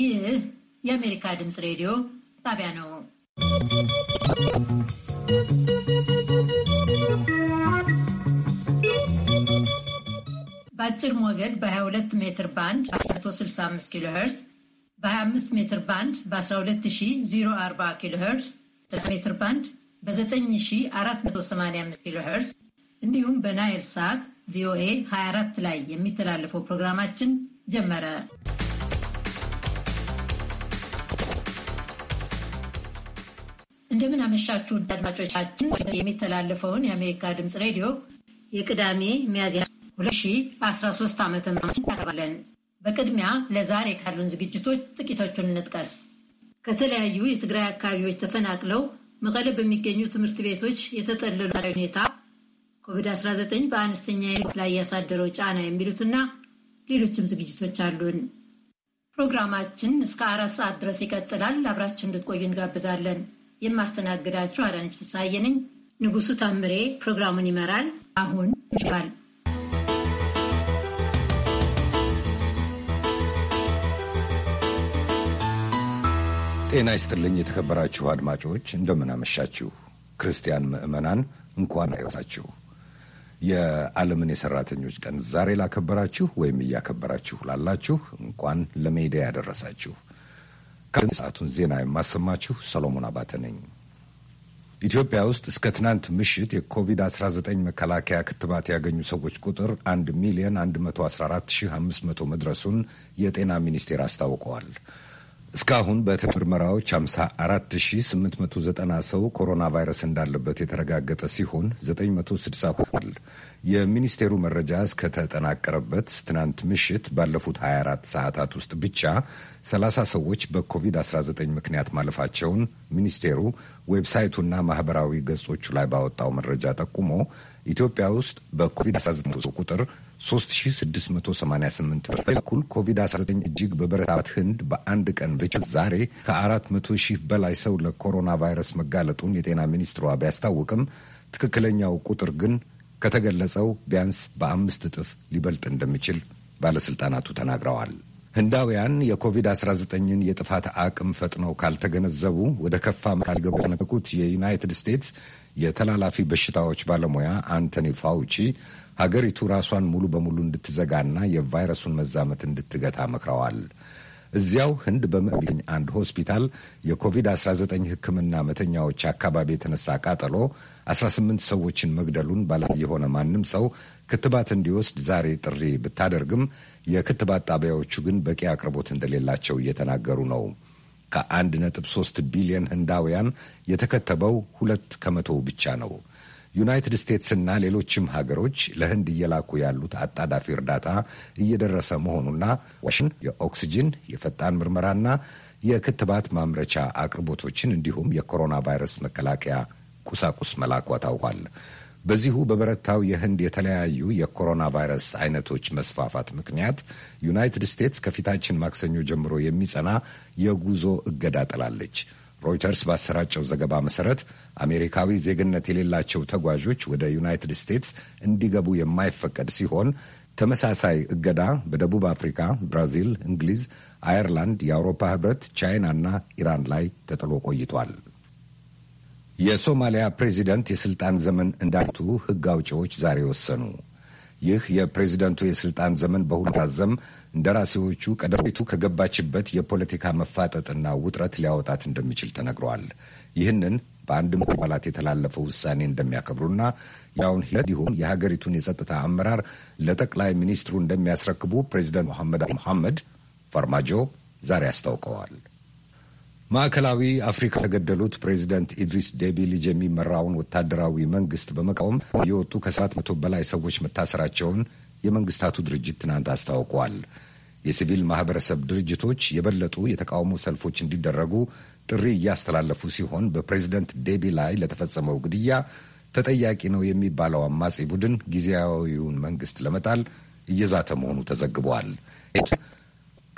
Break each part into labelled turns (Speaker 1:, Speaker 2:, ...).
Speaker 1: ይህ የአሜሪካ ድምፅ ሬዲዮ ጣቢያ ነው። በአጭር ሞገድ በ22 ሜትር ባንድ 165 ኪሎ ሄርዝ፣ በ25 ሜትር ባንድ በ12040 ኪሎ ሄርዝ፣ ሜትር ባንድ በ9485 ኪሎ ሄርዝ እንዲሁም በናይል ሰዓት ቪኦኤ 24 ላይ የሚተላለፈው ፕሮግራማችን ጀመረ። እንደምን አመሻችሁ አድማጮቻችን። የሚተላለፈውን የአሜሪካ ድምፅ ሬዲዮ የቅዳሜ ሚያዝያ 2013 ዓ ም እናቀርባለን። በቅድሚያ ለዛሬ ካሉን ዝግጅቶች ጥቂቶቹን እንጥቀስ። ከተለያዩ የትግራይ አካባቢዎች ተፈናቅለው መቀለ በሚገኙ ትምህርት ቤቶች የተጠለሉ ሁኔታ ኮቪድ-19 በአነስተኛ የልክ ላይ ያሳደረው ጫና የሚሉትና ሌሎችም ዝግጅቶች አሉን። ፕሮግራማችን እስከ አራት ሰዓት ድረስ ይቀጥላል። አብራችሁ እንድትቆዩ እንጋብዛለን። የማስተናግዳችሁ አዳነች ፍስሐዬ ነኝ። ንጉሱ ታምሬ ፕሮግራሙን ይመራል። አሁን ይባል
Speaker 2: ጤና ይስጥልኝ የተከበራችሁ አድማጮች እንደምን አመሻችሁ። ክርስቲያን ምዕመናን እንኳን አይወሳችሁ የዓለምን የሰራተኞች ቀን ዛሬ ላከበራችሁ ወይም እያከበራችሁ ላላችሁ እንኳን ለሜዳ ያደረሳችሁ። ከሰዓቱን ዜና የማሰማችሁ ሰሎሞን አባተ ነኝ። ኢትዮጵያ ውስጥ እስከ ትናንት ምሽት የኮቪድ-19 መከላከያ ክትባት ያገኙ ሰዎች ቁጥር 1 ሚሊዮን 114,500 መድረሱን የጤና ሚኒስቴር አስታውቀዋል። እስካሁን በምርመራዎች 54890 ሰው ኮሮና ቫይረስ እንዳለበት የተረጋገጠ ሲሆን 960 ሆኗል። የሚኒስቴሩ መረጃ እስከተጠናቀረበት ትናንት ምሽት ባለፉት 24 ሰዓታት ውስጥ ብቻ 30 ሰዎች በኮቪድ-19 ምክንያት ማለፋቸውን ሚኒስቴሩ ዌብሳይቱና ማህበራዊ ገጾቹ ላይ ባወጣው መረጃ ጠቁሞ ኢትዮጵያ ውስጥ በኮቪድ-19 ቁጥር 3688 በኩል ኮቪድ-19 እጅግ በበረታት ህንድ በአንድ ቀን ብቻ ዛሬ ከ400 ሺህ በላይ ሰው ለኮሮና ቫይረስ መጋለጡን የጤና ሚኒስትሯ ቢያስታውቅም ትክክለኛው ቁጥር ግን ከተገለጸው ቢያንስ በአምስት እጥፍ ሊበልጥ እንደሚችል ባለሥልጣናቱ ተናግረዋል። ህንዳውያን የኮቪድ-19ን የጥፋት አቅም ፈጥነው ካልተገነዘቡ ወደ ከፋ ካልገቡ የተነቀቁት የዩናይትድ ስቴትስ የተላላፊ በሽታዎች ባለሙያ አንቶኒ ፋውቺ ሀገሪቱ ራሷን ሙሉ በሙሉ እንድትዘጋና የቫይረሱን መዛመት እንድትገታ መክረዋል። እዚያው ህንድ በምዕራብ አንድ ሆስፒታል የኮቪድ-19 ሕክምና መተኛዎች አካባቢ የተነሳ ቃጠሎ 18 ሰዎችን መግደሉን ባለ የሆነ ማንም ሰው ክትባት እንዲወስድ ዛሬ ጥሪ ብታደርግም የክትባት ጣቢያዎቹ ግን በቂ አቅርቦት እንደሌላቸው እየተናገሩ ነው። ከአንድ ከ1.3 ቢሊዮን ህንዳውያን የተከተበው ሁለት ከመቶ ብቻ ነው። ዩናይትድ ስቴትስና ሌሎችም ሀገሮች ለህንድ እየላኩ ያሉት አጣዳፊ እርዳታ እየደረሰ መሆኑና ዋሽንግተን የኦክስጅን የፈጣን ምርመራና የክትባት ማምረቻ አቅርቦቶችን እንዲሁም የኮሮና ቫይረስ መከላከያ ቁሳቁስ መላኳ ታውቋል። በዚሁ በበረታው የህንድ የተለያዩ የኮሮና ቫይረስ አይነቶች መስፋፋት ምክንያት ዩናይትድ ስቴትስ ከፊታችን ማክሰኞ ጀምሮ የሚጸና የጉዞ እገዳ ጥላለች። ሮይተርስ ባሰራጨው ዘገባ መሰረት አሜሪካዊ ዜግነት የሌላቸው ተጓዦች ወደ ዩናይትድ ስቴትስ እንዲገቡ የማይፈቀድ ሲሆን ተመሳሳይ እገዳ በደቡብ አፍሪካ፣ ብራዚል፣ እንግሊዝ፣ አየርላንድ፣ የአውሮፓ ህብረት፣ ቻይና እና ኢራን ላይ ተጥሎ ቆይቷል። የሶማሊያ ፕሬዚደንት የስልጣን ዘመን እንዳቱ ህግ አውጪዎች ዛሬ ወሰኑ። ይህ የፕሬዚደንቱ የስልጣን ዘመን በሁለት ራዘም እንደራሴዎቹ ቀደም ከገባችበት የፖለቲካ መፋጠጥና ውጥረት ሊያወጣት እንደሚችል ተነግረዋል። ይህንን በአንድ ምክር አባላት የተላለፈ ውሳኔ እንደሚያከብሩና ያውን ሂደት ይሁን የሀገሪቱን የጸጥታ አመራር ለጠቅላይ ሚኒስትሩ እንደሚያስረክቡ ፕሬዚደንት መሐመድ መሐመድ ፈርማጆ ዛሬ አስታውቀዋል። ማዕከላዊ አፍሪካ የተገደሉት ፕሬዚደንት ኢድሪስ ዴቢ ልጅ የሚመራውን ወታደራዊ መንግስት በመቃወም የወጡ ከሰባት መቶ በላይ ሰዎች መታሰራቸውን የመንግስታቱ ድርጅት ትናንት አስታውቋል። የሲቪል ማህበረሰብ ድርጅቶች የበለጡ የተቃውሞ ሰልፎች እንዲደረጉ ጥሪ እያስተላለፉ ሲሆን በፕሬዚደንት ዴቢ ላይ ለተፈጸመው ግድያ ተጠያቂ ነው የሚባለው አማጺ ቡድን ጊዜያዊውን መንግስት ለመጣል እየዛተ መሆኑ ተዘግቧል።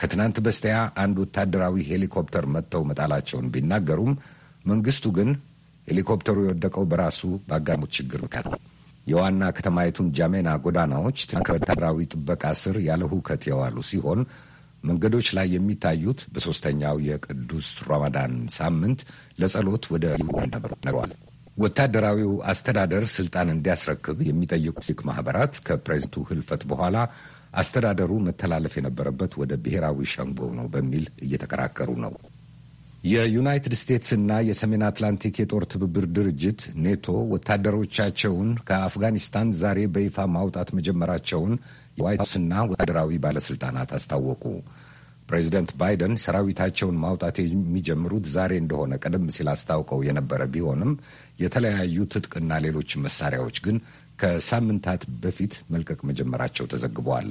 Speaker 2: ከትናንት በስቲያ አንድ ወታደራዊ ሄሊኮፕተር መጥተው መጣላቸውን ቢናገሩም መንግስቱ ግን ሄሊኮፕተሩ የወደቀው በራሱ በአጋሙት ችግር ምክንያት ነው። የዋና ከተማይቱን ጃሜና ጎዳናዎች ከወታደራዊ ጥበቃ ስር ያለ ሁከት የዋሉ ሲሆን መንገዶች ላይ የሚታዩት በሦስተኛው የቅዱስ ረመዳን ሳምንት ለጸሎት ወደ ነበር ነግረዋል። ወታደራዊው አስተዳደር ስልጣን እንዲያስረክብ የሚጠይቁ ሲክ ማህበራት ከፕሬዝንቱ ህልፈት በኋላ አስተዳደሩ መተላለፍ የነበረበት ወደ ብሔራዊ ሸንጎ ነው በሚል እየተከራከሩ ነው። የዩናይትድ ስቴትስና የሰሜን አትላንቲክ የጦር ትብብር ድርጅት ኔቶ ወታደሮቻቸውን ከአፍጋኒስታን ዛሬ በይፋ ማውጣት መጀመራቸውን የዋይት ሀውስና ወታደራዊ ባለስልጣናት አስታወቁ። ፕሬዚደንት ባይደን ሰራዊታቸውን ማውጣት የሚጀምሩት ዛሬ እንደሆነ ቀደም ሲል አስታውቀው የነበረ ቢሆንም የተለያዩ ትጥቅና ሌሎች መሳሪያዎች ግን ከሳምንታት በፊት መልቀቅ መጀመራቸው ተዘግበዋል።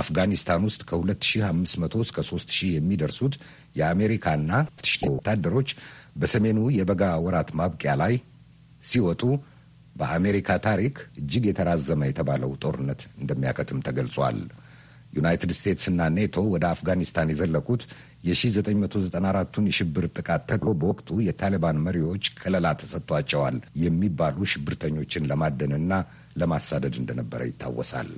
Speaker 2: አፍጋኒስታን ውስጥ ከ2500 እስከ 3000 የሚደርሱት የአሜሪካና ወታደሮች በሰሜኑ የበጋ ወራት ማብቂያ ላይ ሲወጡ በአሜሪካ ታሪክ እጅግ የተራዘመ የተባለው ጦርነት እንደሚያከትም ተገልጿል። ዩናይትድ ስቴትስና ኔቶ ወደ አፍጋኒስታን የዘለቁት የ1994ቱን የሽብር ጥቃት ተከትሎ በወቅቱ የታሊባን መሪዎች ከለላ ተሰጥቷቸዋል የሚባሉ ሽብርተኞችን ለማደንና ለማሳደድ እንደነበረ ይታወሳል።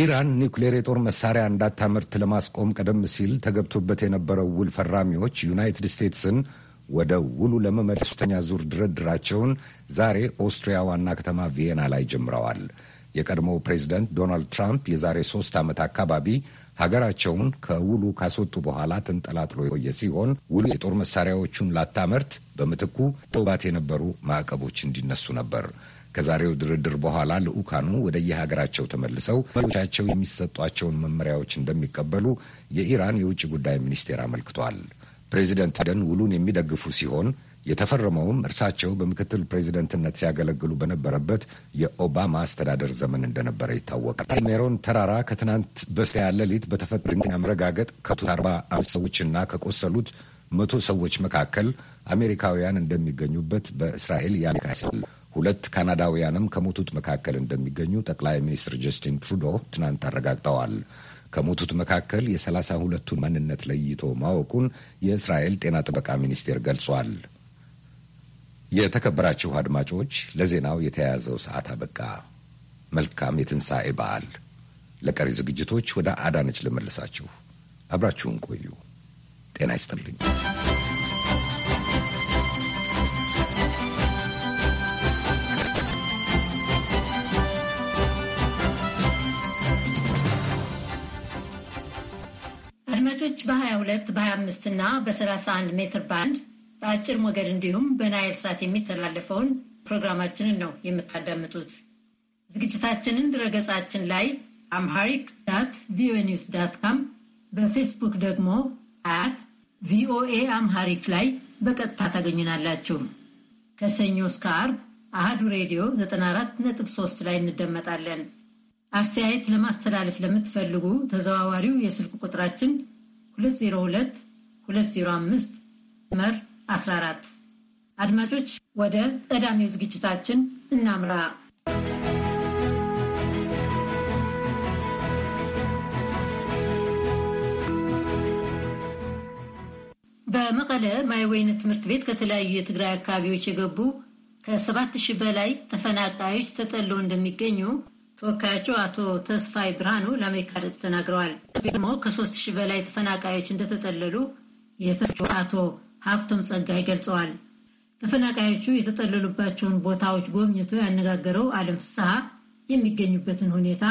Speaker 2: ኢራን ኒውክሌር የጦር መሳሪያ እንዳታመርት ለማስቆም ቀደም ሲል ተገብቶበት የነበረው ውል ፈራሚዎች ዩናይትድ ስቴትስን ወደ ውሉ ለመመለስ ሶስተኛ ዙር ድርድራቸውን ዛሬ ኦስትሪያ ዋና ከተማ ቪየና ላይ ጀምረዋል። የቀድሞው ፕሬዚደንት ዶናልድ ትራምፕ የዛሬ ሶስት ዓመት አካባቢ ሀገራቸውን ከውሉ ካስወጡ በኋላ ተንጠላጥሎ የቆየ ሲሆን ውሉ የጦር መሳሪያዎቹን ላታመርት በምትኩ ተውባት የነበሩ ማዕቀቦች እንዲነሱ ነበር። ከዛሬው ድርድር በኋላ ልዑካኑ ወደየሀገራቸው ተመልሰው መሪዎቻቸው የሚሰጧቸውን መመሪያዎች እንደሚቀበሉ የኢራን የውጭ ጉዳይ ሚኒስቴር አመልክቷል። ፕሬዚደንት ባይደን ውሉን የሚደግፉ ሲሆን የተፈረመውም እርሳቸው በምክትል ፕሬዚደንትነት ሲያገለግሉ በነበረበት የኦባማ አስተዳደር ዘመን እንደነበረ ይታወቃል። ሜሮን ተራራ ከትናንት በስቲያ ሌሊት በተፈጠረ ድንገተኛ መረጋገጥ ከቱ አርባ አምስት ሰዎችና ከቆሰሉት መቶ ሰዎች መካከል አሜሪካውያን እንደሚገኙበት በእስራኤል የአሜሪካ ሁለት ካናዳውያንም ከሞቱት መካከል እንደሚገኙ ጠቅላይ ሚኒስትር ጀስቲን ትሩዶ ትናንት አረጋግጠዋል። ከሞቱት መካከል የሰላሳ ሁለቱን ማንነት ለይቶ ማወቁን የእስራኤል ጤና ጥበቃ ሚኒስቴር ገልጿል። የተከበራችሁ አድማጮች፣ ለዜናው የተያያዘው ሰዓት አበቃ። መልካም የትንሣኤ በዓል። ለቀሪ ዝግጅቶች ወደ አዳነች ልመልሳችሁ። አብራችሁን ቆዩ። ጤና ይስጥልኝ።
Speaker 1: በ22 በ25 እና በ31 ሜትር ባንድ በአጭር ሞገድ እንዲሁም በናይል ሳት የሚተላለፈውን ፕሮግራማችንን ነው የምታዳምጡት። ዝግጅታችንን ድረገጻችን ላይ አምሃሪክ ዳት ቪኦኤ ኒውስ ዳት ካም በፌስቡክ ደግሞ አት ቪኦኤ አምሃሪክ ላይ በቀጥታ ታገኙናላችሁ። ከሰኞ እስከ አርብ አህዱ ሬዲዮ 94.3 ላይ እንደመጣለን። አስተያየት ለማስተላለፍ ለምትፈልጉ ተዘዋዋሪው የስልክ ቁጥራችን 202 205 መስመር 14። አድማጮች ወደ ቀዳሚው ዝግጅታችን እናምራ። በመቀለ ማይ ወይን ትምህርት ቤት ከተለያዩ የትግራይ አካባቢዎች የገቡ ከ7000 በላይ ተፈናቃዮች ተጠለው እንደሚገኙ ተወካያቸው አቶ ተስፋይ ብርሃኑ ለአሜሪካ ድምፅ ተናግረዋል። ደግሞ ከሶስት ሺህ በላይ ተፈናቃዮች እንደተጠለሉ የተፈናቃዮች አቶ ሀብቶም ጸጋይ ገልጸዋል። ተፈናቃዮቹ የተጠለሉባቸውን ቦታዎች ጎብኝቶ ያነጋገረው አለም ፍስሐ የሚገኙበትን ሁኔታ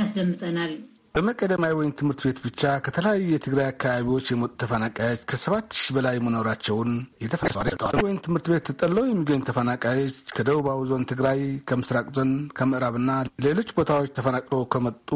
Speaker 1: ያስደምጠናል።
Speaker 3: በመቀደማዊ ወይን ትምህርት ቤት ብቻ ከተለያዩ የትግራይ አካባቢዎች የመጡ ተፈናቃዮች ከሰባት ሺህ በላይ መኖራቸውን ወይን ትምህርት ቤት ተጠለው የሚገኙ ተፈናቃዮች ከደቡባዊ ዞን ትግራይ፣ ከምስራቅ ዞን፣ ከምዕራብና ሌሎች ቦታዎች ተፈናቅለው ከመጡ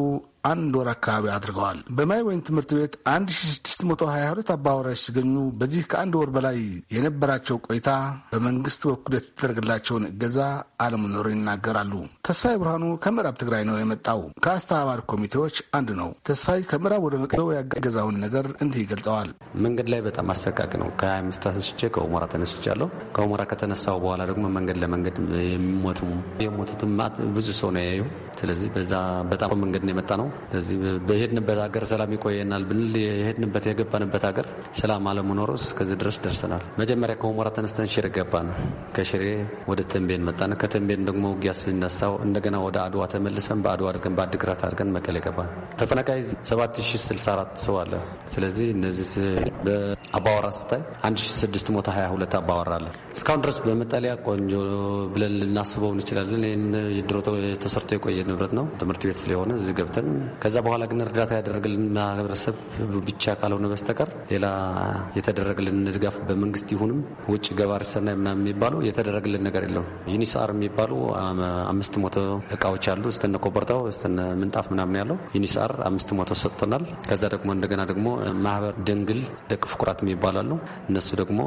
Speaker 3: አንድ ወር አካባቢ አድርገዋል። በማይ ወይን ትምህርት ቤት 1622 አባወራዎች ሲገኙ በዚህ ከአንድ ወር በላይ የነበራቸው ቆይታ በመንግስት በኩል የተደረገላቸውን እገዛ አለመኖሩን ይናገራሉ። ተስፋይ ብርሃኑ ከምዕራብ ትግራይ ነው የመጣው። ከአስተባባሪ ኮሚቴዎች አንዱ ነው። ተስፋይ ከምዕራብ ወደ መቀለ ያገዛውን ነገር እንዲህ ይገልጸዋል።
Speaker 4: መንገድ ላይ በጣም አሰቃቂ ነው። ከ25 ተነስቼ ከሁመራ ተነስቻለሁ። ከሁመራ ከተነሳው በኋላ ደግሞ መንገድ ለመንገድ የሚሞቱ የሞቱትም ብዙ ሰው ነው ያዩ። ስለዚህ በዛ በጣም መንገድ ነው የመጣ ነው እዚህ በሄድንበት ሀገር ሰላም ይቆየናል ብንል የሄድንበት የገባንበት ሀገር ሰላም አለመኖሩ እስከዚህ ድረስ ደርሰናል። መጀመሪያ ከሁመራ ተነስተን ሽሬ ገባ ነው። ከሽሬ ወደ ተንቤን መጣን። ከተንቤን ደግሞ ውጊያ ስንነሳው እንደገና ወደ አድዋ ተመልሰን በአድዋ አድርገን በአድግራት አድርገን መቀሌ ገባ። ተፈናቃይ 7064 ሰው አለ። ስለዚህ እነዚህ በአባወራ ስታይ ሞ 22 አባወራ አለ። እስካሁን ድረስ በመጠለያ ቆንጆ ብለን ልናስበው እንችላለን። ይህን ድሮ ተሰርቶ የቆየ ንብረት ነው። ትምህርት ቤት ስለሆነ እዚህ ገብተን ከዛ በኋላ ግን እርዳታ ያደረገልን ማህበረሰብ ብቻ ካልሆነ በስተቀር ሌላ የተደረገልን ድጋፍ በመንግስት ይሁንም ውጭ ገባር ሰናይ ምናምን የሚባለው የተደረግልን ነገር የለው። ዩኒሳር የሚባሉ አምስት መቶ እቃዎች አሉ እስተነ ኮበርታው እስተነ ምንጣፍ ምናምን ያለው ዩኒሳር አምስት መቶ ሰጥቶናል። ከዛ ደግሞ እንደገና ደግሞ ማህበር ደንግል ደቅ ፍቁራት የሚባሉ አሉ እነሱ ደግሞ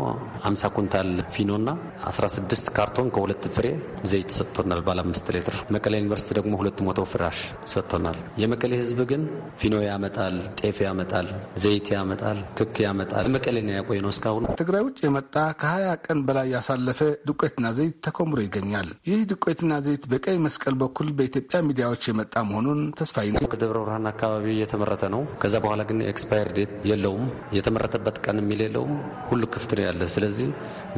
Speaker 4: አምሳ ኩንታል ፊኖና 16 ካርቶን ከሁለት ፍሬ ዘይት ሰጥቶናል። ባለ አምስት ሌትር መቀሌ ዩኒቨርስቲ ደግሞ ሁለት መቶ ፍራሽ ሰጥቶናል። የመቀሌ ህዝብ ግን ፊኖ ያመጣል፣ ጤፍ ያመጣል፣ ዘይት ያመጣል፣ ክክ ያመጣል። መቀሌ ነው ያቆይ ነው እስካሁን።
Speaker 3: ትግራይ ውጭ የመጣ ከሀያ ቀን በላይ ያሳለፈ ዱቄትና ዘይት ተኮምሮ ይገኛል። ይህ ዱቄትና ዘይት በቀይ መስቀል በኩል በኢትዮጵያ ሚዲያዎች የመጣ መሆኑን ተስፋ ይነ
Speaker 4: ከደብረ ብርሃን አካባቢ እየተመረተ ነው። ከዛ በኋላ ግን ኤክስፓየር ዴት የለውም። የተመረተበት ቀን የሚል የለውም። ሁሉ ክፍት ነው ያለ። ስለዚህ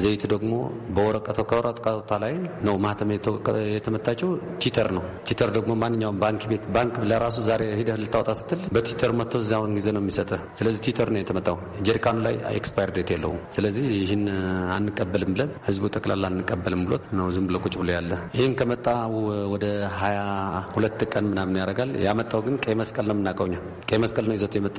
Speaker 4: ዘይቱ ደግሞ በወረቀቶ ከወረቀቷ ላይ ነው ማህተም የተመታቸው። ቲተር ነው ቲተር ደግሞ ማንኛውም ባንክ ቤት ባንክ ለራሱ ዛሬ ሂደህ ልታወጣ ስትል በትዊተር መጥቶ እዚያውን ጊዜ ነው የሚሰጠ ስለዚህ ትዊተር ነው የተመጣው። ጀሪካኑ ላይ ኤክስፓየር ዴት የለውም። ስለዚህ ይህን አንቀበልም ብለን ህዝቡ ጠቅላላ አንቀበልም ብሎት ነው ዝም ብሎ ቁጭ ብሎ ያለ። ይህን ከመጣ ወደ ሀያ ሁለት ቀን ምናምን ያደርጋል። ያመጣው ግን ቀይ መስቀል ነው የምናውቀው እኛ ቀይ መስቀል ነው ይዘት የመጣ።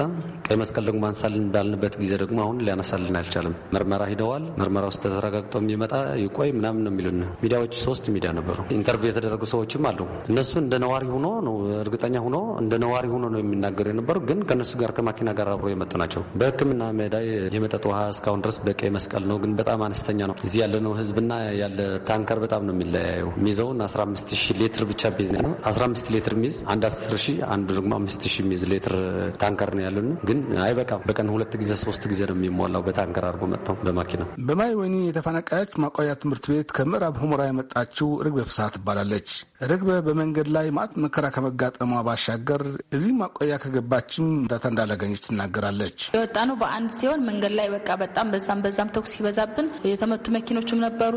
Speaker 4: ቀይ መስቀል ደግሞ አንሳልን እንዳልንበት ጊዜ ደግሞ አሁን ሊያነሳልን አልቻለም። ምርመራ ሂደዋል። ምርመራ ውስጥ ተረጋግጦ የሚመጣ ይቆይ ምናምን ነው የሚሉን ሚዲያዎች። ሶስት ሚዲያ ነበሩ። ኢንተርቪው የተደረጉ ሰዎችም አሉ። እነሱ እንደ ነዋሪ ሁኖ ነው እርግጠኛ ሁኖ እንደ ነዋሪ ሆኖ ነው የሚናገሩ የነበሩ፣ ግን ከነሱ ጋር ከማኪና ጋር አብሮ የመጡ ናቸው። በህክምና ሜዳ የመጠጥ ውሃ እስካሁን ድረስ በቀይ መስቀል ነው፣ ግን በጣም አነስተኛ ነው። እዚህ ያለነው ህዝብና ያለ ታንከር በጣም ነው የሚለያየው። ሚዘውን 15 ሺህ ሌትር ብቻ ቢዝ ነው። 15 ሌትር ሚዝ አንድ 10 ሺህ አንዱ ደግሞ 5 ሺህ ሚዝ ሌትር ታንከር ነው ያለን፣ ግን አይበቃም። በቀን ሁለት ጊዜ ሶስት ጊዜ ነው የሚሞላው በታንከር አድርጎ መጥተው በማኪና
Speaker 3: በማይ ወይኒ የተፈናቃዮች ማቆያ ትምህርት ቤት ከምዕራብ ሁመራ የመጣችው ርግብ ፍስሀ ትባላለች። ርግበ በመንገድ ላይ ማዕት መከራ ከመጋጠሟ ባሻገር እዚህ ማቆያ ከገባችም እርዳታ እንዳላገኘች ትናገራለች።
Speaker 5: የወጣ ነው በአንድ ሲሆን መንገድ ላይ በቃ በጣም በዛም በዛም ተኩስ ሲበዛብን የተመቱ መኪኖችም ነበሩ።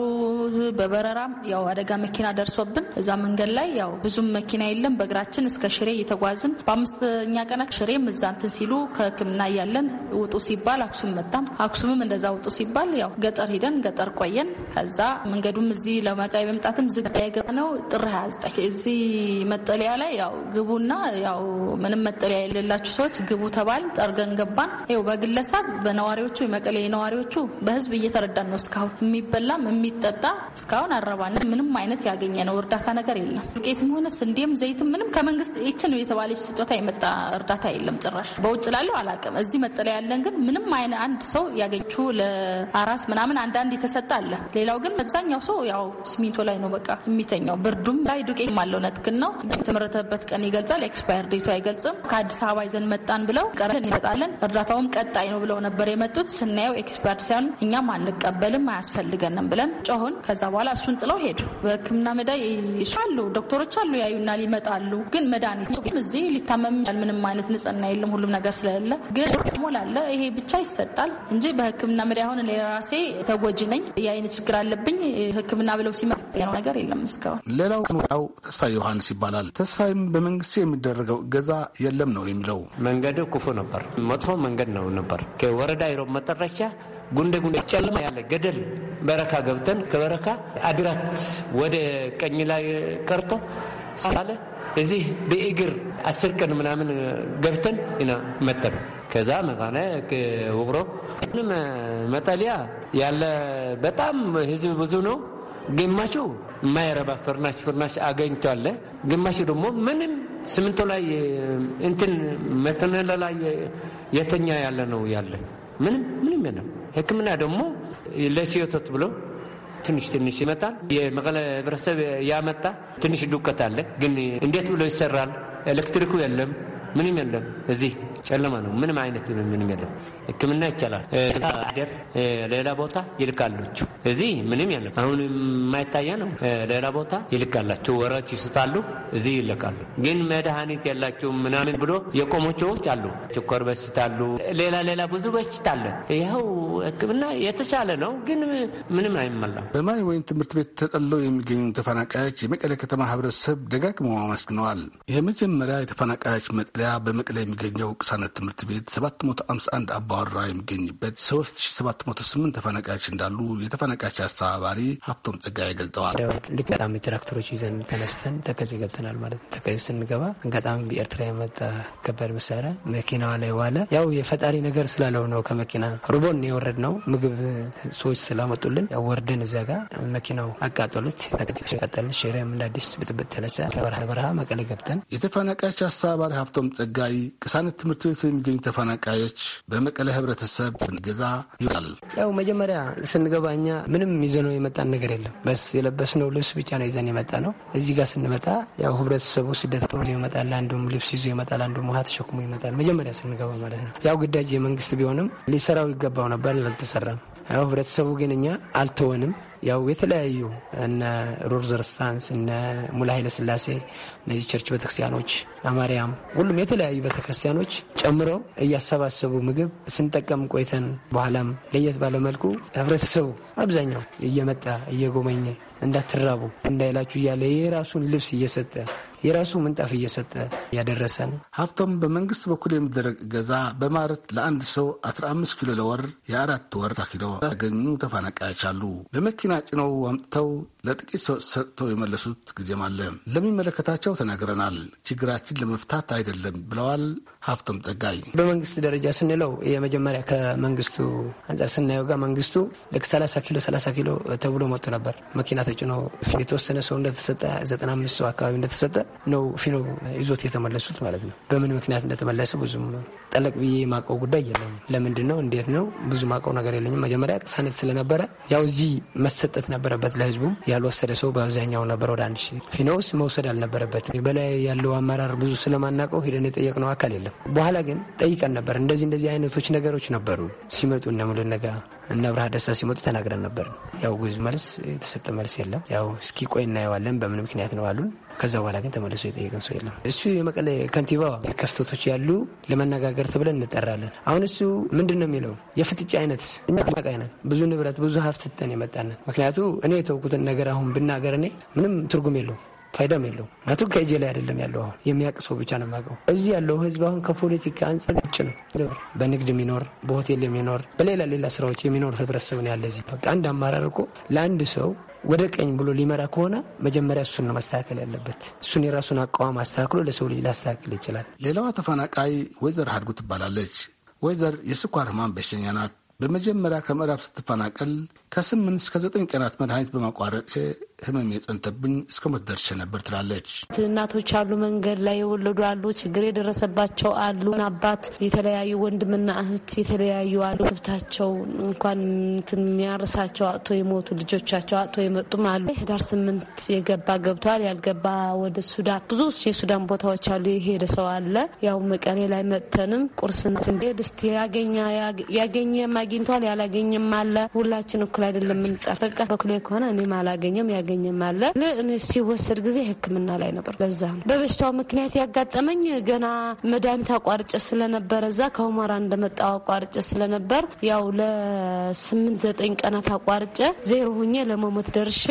Speaker 5: በበረራም ያው አደጋ መኪና ደርሶብን እዛ መንገድ ላይ ያው ብዙም መኪና የለም። በእግራችን እስከ ሽሬ እየተጓዝን በአምስተኛ ቀናት ሽሬም እዛ እንትን ሲሉ ከሕክምና እያለን ውጡ ሲባል አክሱም መጣም፣ አክሱምም እንደዛ ውጡ ሲባል ያው ገጠር ሄደን ገጠር ቆየን። ከዛ መንገዱም እዚህ ለመቃ የመምጣትም ዝግ የገባ ነው ጥር 29 እዚህ መጠለያ ላይ ያው ግቡና ያው ምንም መጠለያ የሌላችሁ ሰዎች ግቡ ተባል ጠርገን ገባን። ይኸው በግለሰብ በነዋሪዎቹ የመቀሌ ነዋሪዎቹ በህዝብ እየተረዳን ነው። እስካሁን የሚበላም የሚጠጣ እስካሁን አረባን ምንም አይነት ያገኘ ነው እርዳታ ነገር የለም። ዱቄትም ሆነ ስንዴም ዘይትም ምንም ከመንግስት ይችን የተባለች ስጦታ የመጣ እርዳታ የለም ጭራሽ። በውጭ ላለው አላውቅም። እዚህ መጠለያ ያለን ግን ምንም አይነ አንድ ሰው ያገኘችው ለአራስ ምናምን አንዳንድ የተሰጠ አለ። ሌላው ግን አብዛኛው ሰው ያው ሲሚንቶ ላይ ነው በቃ የሚተኛው ብርዱም ላይ ላይ ዱቄት ማለው ነጥክን ነው የተመረተበት ቀን ይገልጻል። ኤክስፓየር ዴቱ አይገልጽም። ከአዲስ አበባ ይዘን መጣን ብለው ቀረን ይመጣለን እርዳታውም ቀጣይ ነው ብለው ነበር የመጡት። ስናየው ኤክስፓየር ሲሆን እኛም አንቀበልም አያስፈልገንም ብለን ጮሁን። ከዛ በኋላ እሱን ጥለው ሄዱ። በህክምና መዳ አሉ ዶክተሮች አሉ ያዩናል፣ ይመጣሉ። ግን መድኃኒት እዚህ ሊታመም ምንም አይነት ንጽህና የለም ሁሉም ነገር ስለሌለ ግን ሞላለ ይሄ ብቻ ይሰጣል እንጂ በህክምና መዳ አሁን ለራሴ ተጎጂ ነኝ፣ የአይን ችግር አለብኝ ህክምና ብለው ሲመ ነገር የለም እስካሁን
Speaker 3: ሌላው የሚመራው ተስፋ ዮሐንስ ይባላል። ተስፋይም በመንግስት የሚደረገው እገዛ የለም ነው የሚለው።
Speaker 6: መንገዱ ክፉ ነበር፣ መጥፎ መንገድ ነው ነበር ከወረዳ ይሮብ መጠረሻ ጉንደ ጉንደ ጨለማ ያለ ገደል በረካ ገብተን ከበረካ አድራት ወደ ቀኝ ላይ ቀርቶ ሳለ እዚህ በእግር አስር ቀን ምናምን ገብተን ኢና መጠን ከዛ መካነ ውቅሮ መጠሊያ ያለ በጣም ህዝብ ብዙ ነው። ግማሹ የማይረባ ፍርናሽ ፍርናሽ አገኝቷለ። ግማሹ ደግሞ ምንም ስምንቶ ላይ እንትን መተነለ ላይ የተኛ ያለ ነው ያለ ምንም ምንም የለም። ሕክምና ደግሞ ለሲዮቶት ብሎ ትንሽ ትንሽ ይመጣል። የመቀለ ህብረተሰብ ያመጣ ትንሽ ዱቀት አለ። ግን እንዴት ብሎ ይሰራል? ኤሌክትሪኩ የለም ምንም የለም። እዚህ ጨለማ ነው። ምንም አይነት ምንም የለም። ሕክምና ይቻላል። አደር ሌላ ቦታ ይልካሉች። እዚህ ምንም የለም። አሁን የማይታየ ነው። ሌላ ቦታ ይልካላችሁ፣ ወረት ይስጣሉ፣ እዚህ ይልካሉ። ግን መድኃኒት የላችሁም ምናምን ብሎ የቆሙ አሉ። ችኮር በሽታ አሉ፣ ሌላ ሌላ ብዙ በሽታ አለ። ይኸው ሕክምና የተሻለ ነው፣ ግን ምንም አይመላም።
Speaker 3: በማይ ወይም ትምህርት ቤት ተጠልለው የሚገኙ ተፈናቃዮች የመቀለ ከተማ ህብረተሰብ ደጋግመው አመስግነዋል። የመጀመሪያ የተፈናቃዮች መጠ መጠለያ በመቀለ የሚገኘው ቅሳነት ትምህርት ቤት 751 አባወራ የሚገኝበት 3708 ተፈናቃዮች እንዳሉ የተፈናቃዮች አስተባባሪ ሀብቶም ጸጋዬ ገልጠዋል። ልክ ትራክተሮች
Speaker 7: ይዘን ተነስተን ተከዜ ገብተናል ማለት ነው። ተከዜ ስንገባ አጋጣሚ በኤርትራ የመጣ ከባድ መሳሪያ መኪናዋ ላይ ዋለ። ያው የፈጣሪ ነገር ስላለው ነው። ከመኪና ሩቦን የወረድ ነው ምግብ ሰዎች ስላመጡልን ወርደን እዚያ ጋ መኪናው አቃጠሉት። ተቃጠልን። ሽሬም እንደ ብጥብጥ ተነሳ። ከበረሃ በረሃ መቀለ ገብተን
Speaker 3: የተፈናቃዮች አስተባባሪ ሀብቶም ጸጋይ ቅሳነት ትምህርት ቤት የሚገኙ ተፈናቃዮች በመቀለ ህብረተሰብ ገዛ ይላል።
Speaker 7: ያው መጀመሪያ ስንገባ እኛ ምንም ይዘነው የመጣን ነገር የለም። በስ የለበስነው ልብስ ብቻ ነው ይዘን የመጣ ነው። እዚህ ጋር ስንመጣ ያው ህብረተሰቡ ስደት ጦር ይመጣል፣ አንዱም ልብስ ይዞ ይመጣል፣ አንዱም ውሃ ተሸክሞ ይመጣል። መጀመሪያ ስንገባ ማለት ነው። ያው ግዳጅ የመንግስት ቢሆንም ሊሰራው ይገባው ነበር፣ አልተሰራም። ያው ህብረተሰቡ ግን እኛ አልተወንም ያው የተለያዩ እነ ሩርዝ እነ ሙላ ኃይለ ስላሴ እነዚህ ቸርች ቤተክርስቲያኖች አማርያም ሁሉም የተለያዩ ቤተክርስቲያኖች ጨምሮ እያሰባሰቡ ምግብ ስንጠቀም ቆይተን በኋላም ለየት ባለመልኩ ህብረተሰቡ አብዛኛው እየመጣ እየጎመኘ እንዳትራቡ እንዳይላችሁ እያለ
Speaker 3: የራሱን ልብስ እየሰጠ የራሱ ምንጣፍ እየሰጠ ያደረሰን ሀብቶም በመንግስት በኩል የሚደረግ እገዛ በማረት ለአንድ ሰው 15 ኪሎ ለወር የአራት ወር ታኪዶ ያገኙ ተፈናቃዮች አሉ። በመኪና ጭነው አምጥተው ለጥቂት ሰዎች ሰጥተው የመለሱት ጊዜም አለ። ለሚመለከታቸው ተናግረናል። ችግራችን ለመፍታት አይደለም ብለዋል ሀብቶም ጸጋይ።
Speaker 7: በመንግስት ደረጃ ስንለው የመጀመሪያ ከመንግስቱ አንጻር ስናየው ጋር መንግስቱ ልክ 30 ኪሎ 30 ኪሎ ተብሎ መጡ ነበር። መኪና ተጭኖ የተወሰነ ሰው እንደተሰጠ 95 ሰው አካባቢ እንደተሰጠ ነው ፊኖ ይዞት የተመለሱት ማለት ነው። በምን ምክንያት እንደተመለሰ ብዙም ጠለቅ ብዬ የማውቀው ጉዳይ የለኝም። ለምንድን ነው እንዴት ነው ብዙ ማውቀው ነገር የለኝም። መጀመሪያ ቅሳኔት ስለነበረ ያው እዚህ መሰጠት ነበረበት ለህዝቡም። ያልወሰደ ሰው በአብዛኛው ነበር ወደ አንድ ሺህ ፊኖስ መውሰድ አልነበረበት። በላይ ያለው አመራር ብዙ ስለማናውቀው ሄደን የጠየቅነው አካል የለም። በኋላ ግን ጠይቀን ነበር። እንደዚህ እንደዚህ አይነቶች ነገሮች ነበሩ ሲመጡ እነሙሉ ነጋ እና ብርሃ ደስታ ሲመጡ ተናግረን ነበር። ያው መልስ የተሰጠ መልስ የለም። ያው እስኪ ቆይ እናየዋለን በምን ምክንያት ነው አሉን። ከዛ በኋላ ግን ተመልሶ የጠየቀን ሰው የለም። እሱ የመቀለ ከንቲባ ክፍተቶች ያሉ ለመነጋገር ተብለን እንጠራለን። አሁን እሱ ምንድን ነው የሚለው የፍጥጫ አይነት እኛ ብዙ ንብረት ብዙ ሀብት ትተን የመጣንን። ምክንያቱ እኔ የተውኩትን ነገር አሁን ብናገር እኔ ምንም ትርጉም የለው ፋይዳም የለው። ናቱ ከእጄ ላይ አይደለም ያለው። አሁን የሚያውቅ ሰው ብቻ ነው የሚያውቀው። እዚህ ያለው ህዝብ አሁን ከፖለቲካ አንጻር ውጭ ነው። በንግድ የሚኖር በሆቴል የሚኖር በሌላ ሌላ ስራዎች የሚኖር ህብረተሰብ ነው ያለ እዚህ። በቃ አንድ አመራር እኮ ለአንድ ሰው ወደ ቀኝ ብሎ ሊመራ ከሆነ መጀመሪያ እሱን ነው ማስተካከል ያለበት። እሱን የራሱን አቋም አስተካክሎ ለሰው ልጅ ላስተካክል ይችላል።
Speaker 3: ሌላዋ ተፈናቃይ ወይዘር ሀድጉ ትባላለች። ወይዘር የስኳር ህማም በሽተኛ ናት። በመጀመሪያ ከምዕራብ ስትፈናቀል ከስምንት እስከ ዘጠኝ ቀናት መድኃኒት በማቋረጥ ህመም የጸንተብኝ እስከ ሞት ደርሼ ነበር ትላለች።
Speaker 8: እናቶች አሉ፣ መንገድ ላይ የወለዱ አሉ፣ ችግር የደረሰባቸው አሉ፣ አባት የተለያዩ ወንድምና እህት የተለያዩ አሉ። ከብታቸው እንኳን እንትን የሚያርሳቸው የሞቱ ልጆቻቸው አቶ የመጡም አሉ። ህዳር ስምንት የገባ ገብቷል፣ ያልገባ ወደ ሱዳን ብዙ የሱዳን ቦታዎች አሉ የሄደ ሰው አለ። ያው መቀሌ ላይ መጥተንም ቁርስና ድስት ያገኘም አግኝቷል፣ ያላገኘም አለ። ሁላችን እኩል አይደለም ምንጠር በቃ በኩሌ ከሆነ እኔም አላገኘም ያልተገኘም አለ። ሲወሰድ ጊዜ ሕክምና ላይ ነበር። ለዛ ነው በበሽታው ምክንያት ያጋጠመኝ። ገና መድኃኒት አቋርጬ ስለነበረ እዛ ከሁመራ እንደመጣው አቋርጬ ስለነበር ያው ለስምንት ዘጠኝ ቀናት አቋርጬ ዜሮ ሁኜ ለመሞት ደርሼ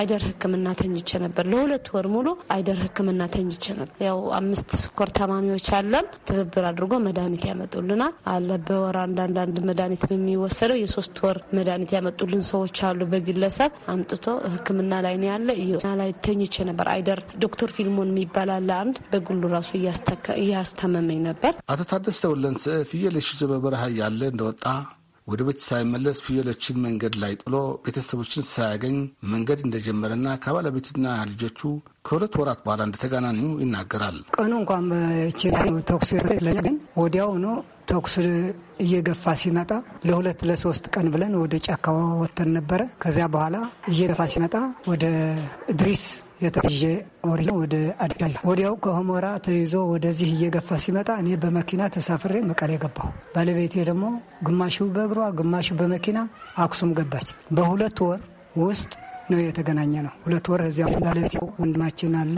Speaker 8: አይደር ሕክምና ተኝቼ ነበር። ለሁለት ወር ሙሉ አይደር ሕክምና ተኝቼ ነበር። ያው አምስት ስኳር ታማሚዎች አለን። ትብብር አድርጎ መድኃኒት ያመጡልናል አለ በወር አንዳንዳንድ መድኃኒት የሚወሰደው የሶስት ወር መድኃኒት ያመጡልን ሰዎች አሉ። በግለሰብ አምጥቶ ሕክምና ላይ ነው ያለ ላይ ተኝቼ ነበር። አይደር ዶክተር ፊልሞን የሚባል አለ አንድ በጉሉ ራሱ እያስታመመኝ ነበር።
Speaker 3: አቶ ታደስ ተውለንስ ፍየል ይዞ በበረሃ እያለ እንደወጣ ወደ ቤት ሳይመለስ ፍየሎችን መንገድ ላይ ጥሎ ቤተሰቦችን ሳያገኝ መንገድ እንደጀመረና ከባለቤትና ልጆቹ ከሁለት ወራት በኋላ እንደተገናኙ ይናገራል።
Speaker 9: ቀኑ እንኳን ተኩስ ግን ወዲያውኑ ተኩስ እየገፋ ሲመጣ ለሁለት ለሶስት ቀን ብለን ወደ ጫካ ወተን ነበረ። ከዚያ በኋላ እየገፋ ሲመጣ ወደ እድሪስ ወሪ ወደ አድጋለ ወዲያው ከሆሞራ ተይዞ ወደዚህ እየገፋ ሲመጣ እኔ በመኪና ተሳፍሬ መቀሌ ገባሁ። ባለቤቴ ደግሞ ግማሹ በእግሯ ግማሹ በመኪና አክሱም ገባች። በሁለት ወር ውስጥ ነው የተገናኘ ነው። ሁለት ወር እዚያ ባለቤቴ ወንድማችን አለ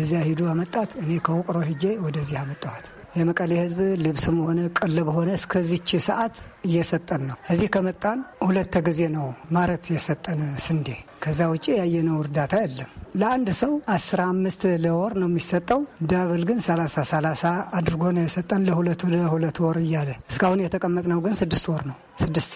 Speaker 9: እዚያ ሂዱ አመጣት። እኔ ከውቅሮ ሂጄ ወደዚህ አመጣኋት። የመቀሌ ህዝብ ልብስም ሆነ ቀለብ ሆነ እስከዚች ሰዓት እየሰጠን ነው። እዚህ ከመጣን ሁለት ጊዜ ነው ማረት የሰጠን ስንዴ። ከዛ ውጭ ያየነው እርዳታ የለም። ለአንድ ሰው አስራ አምስት ለወር ነው የሚሰጠው። ዳብል ግን ሰላሳ ሰላሳ አድርጎ ነው የሰጠን ለሁለቱ ለሁለት ወር እያለ እስካሁን የተቀመጥነው ግን ስድስት ወር ነው። ስድስት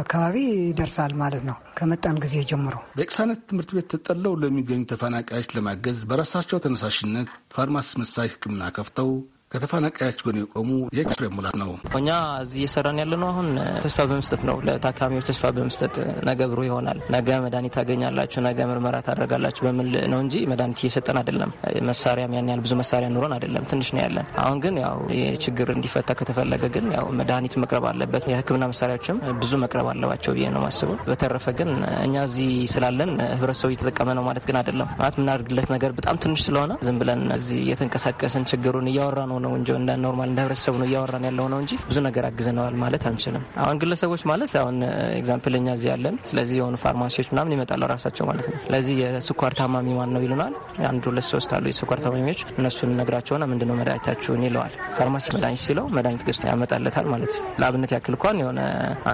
Speaker 9: አካባቢ ይደርሳል ማለት ነው ከመጣን ጊዜ ጀምሮ።
Speaker 3: በቅሳነት ትምህርት ቤት ተጠለው ለሚገኙ ተፈናቃዮች ለማገዝ በራሳቸው ተነሳሽነት ፋርማሲ መሳይ ህክምና ከፍተው ከተፈናቃዮች ጎን የቆሙ የኤክስፕሬ ሙላት ነው።
Speaker 10: እኛ እዚህ እየሰራን ያለ ነው። አሁን ተስፋ በመስጠት ነው። ለታካሚዎች ተስፋ በመስጠት ነገ ብሩ ይሆናል፣ ነገ መድኃኒት ታገኛላችሁ፣ ነገ ምርመራ ታደርጋላችሁ በምል ነው እንጂ መድኃኒት እየሰጠን አይደለም። መሳሪያም ያን ያህል ብዙ መሳሪያ ኑሮን አይደለም፣ ትንሽ ነው ያለን። አሁን ግን ያው የችግር እንዲፈታ ከተፈለገ ግን ያው መድኃኒት መቅረብ አለበት፣ የህክምና መሳሪያዎችም ብዙ መቅረብ አለባቸው ብዬ ነው ማስበው። በተረፈ ግን እኛ እዚህ ስላለን ህብረተሰቡ እየተጠቀመ ነው ማለት ግን አይደለም። ማለት የምናደርግለት ነገር በጣም ትንሽ ስለሆነ ዝም ብለን እዚህ እየተንቀሳቀስን ችግሩን እያወራ ነው ነው እንጂ እንደ ኖርማል እንደ ህብረተሰቡ ነው እያወራን ያለው ነው እንጂ ብዙ ነገር አግዘነዋል ማለት አንችልም። አሁን ግለሰቦች ማለት አሁን ኤግዛምፕል እኛ እዚህ ያለን ስለዚህ የሆኑ ፋርማሲዎች ምናምን ይመጣሉ ራሳቸው ማለት ነው። ስለዚህ የስኳር ታማሚ ማን ነው ይሉናል። አንድ ሁለት ሶስት አሉ የስኳር ታማሚዎች። እነሱን ነግራቸውን ምንድነው መድኃኒታችሁን ይለዋል። ፋርማሲ መድኃኒት ሲለው መድኃኒት ገዝቶ ያመጣለታል ማለት ነው። ለአብነት ያክል እንኳን የሆነ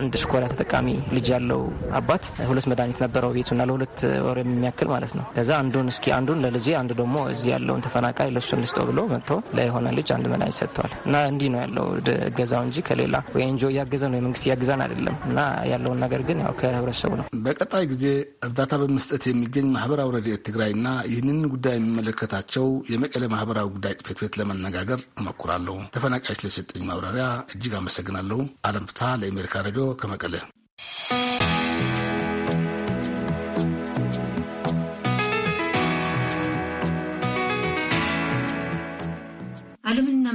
Speaker 10: አንድ ስኳሪያ ተጠቃሚ ልጅ ያለው አባት ሁለት መድኃኒት ነበረው ቤቱና ለሁለት ወር የሚያክል ማለት ነው። ከዛ አንዱን እስኪ አንዱን ለልጄ አንዱ ደግሞ እዚህ ያለውን ተፈናቃይ ለሱን ልስጠው ብሎ መጥቶ ለሆነ ልጅ አንድ በላይ ሰጥተዋል እና እንዲህ ነው ያለው እገዛው እንጂ ከሌላ ወይ ኤንጂኦ እያገዘ ነው የመንግስት እያገዛን አይደለም።
Speaker 3: እና ያለውን ነገር ግን ያው ከህብረተሰቡ ነው። በቀጣይ ጊዜ እርዳታ በመስጠት የሚገኝ ማህበራዊ ረድኤት ትግራይና ይህንን ጉዳይ የሚመለከታቸው የመቀለ ማህበራዊ ጉዳይ ጽሕፈት ቤት ለመነጋገር እሞክራለሁ። ተፈናቃዮች ለሰጠኝ ማብራሪያ እጅግ አመሰግናለሁ። አለም ፍትሀ ለአሜሪካ ሬዲዮ ከመቀለ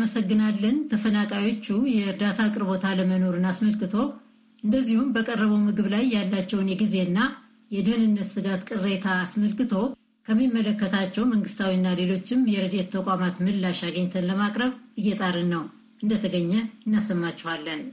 Speaker 1: እናመሰግናለን። ተፈናቃዮቹ የእርዳታ አቅርቦት አለመኖርን አስመልክቶ እንደዚሁም በቀረበው ምግብ ላይ ያላቸውን የጊዜና የደህንነት ስጋት ቅሬታ አስመልክቶ ከሚመለከታቸው መንግስታዊና ሌሎችም የረድኤት ተቋማት ምላሽ አግኝተን ለማቅረብ እየጣርን ነው። እንደተገኘ እናሰማችኋለን።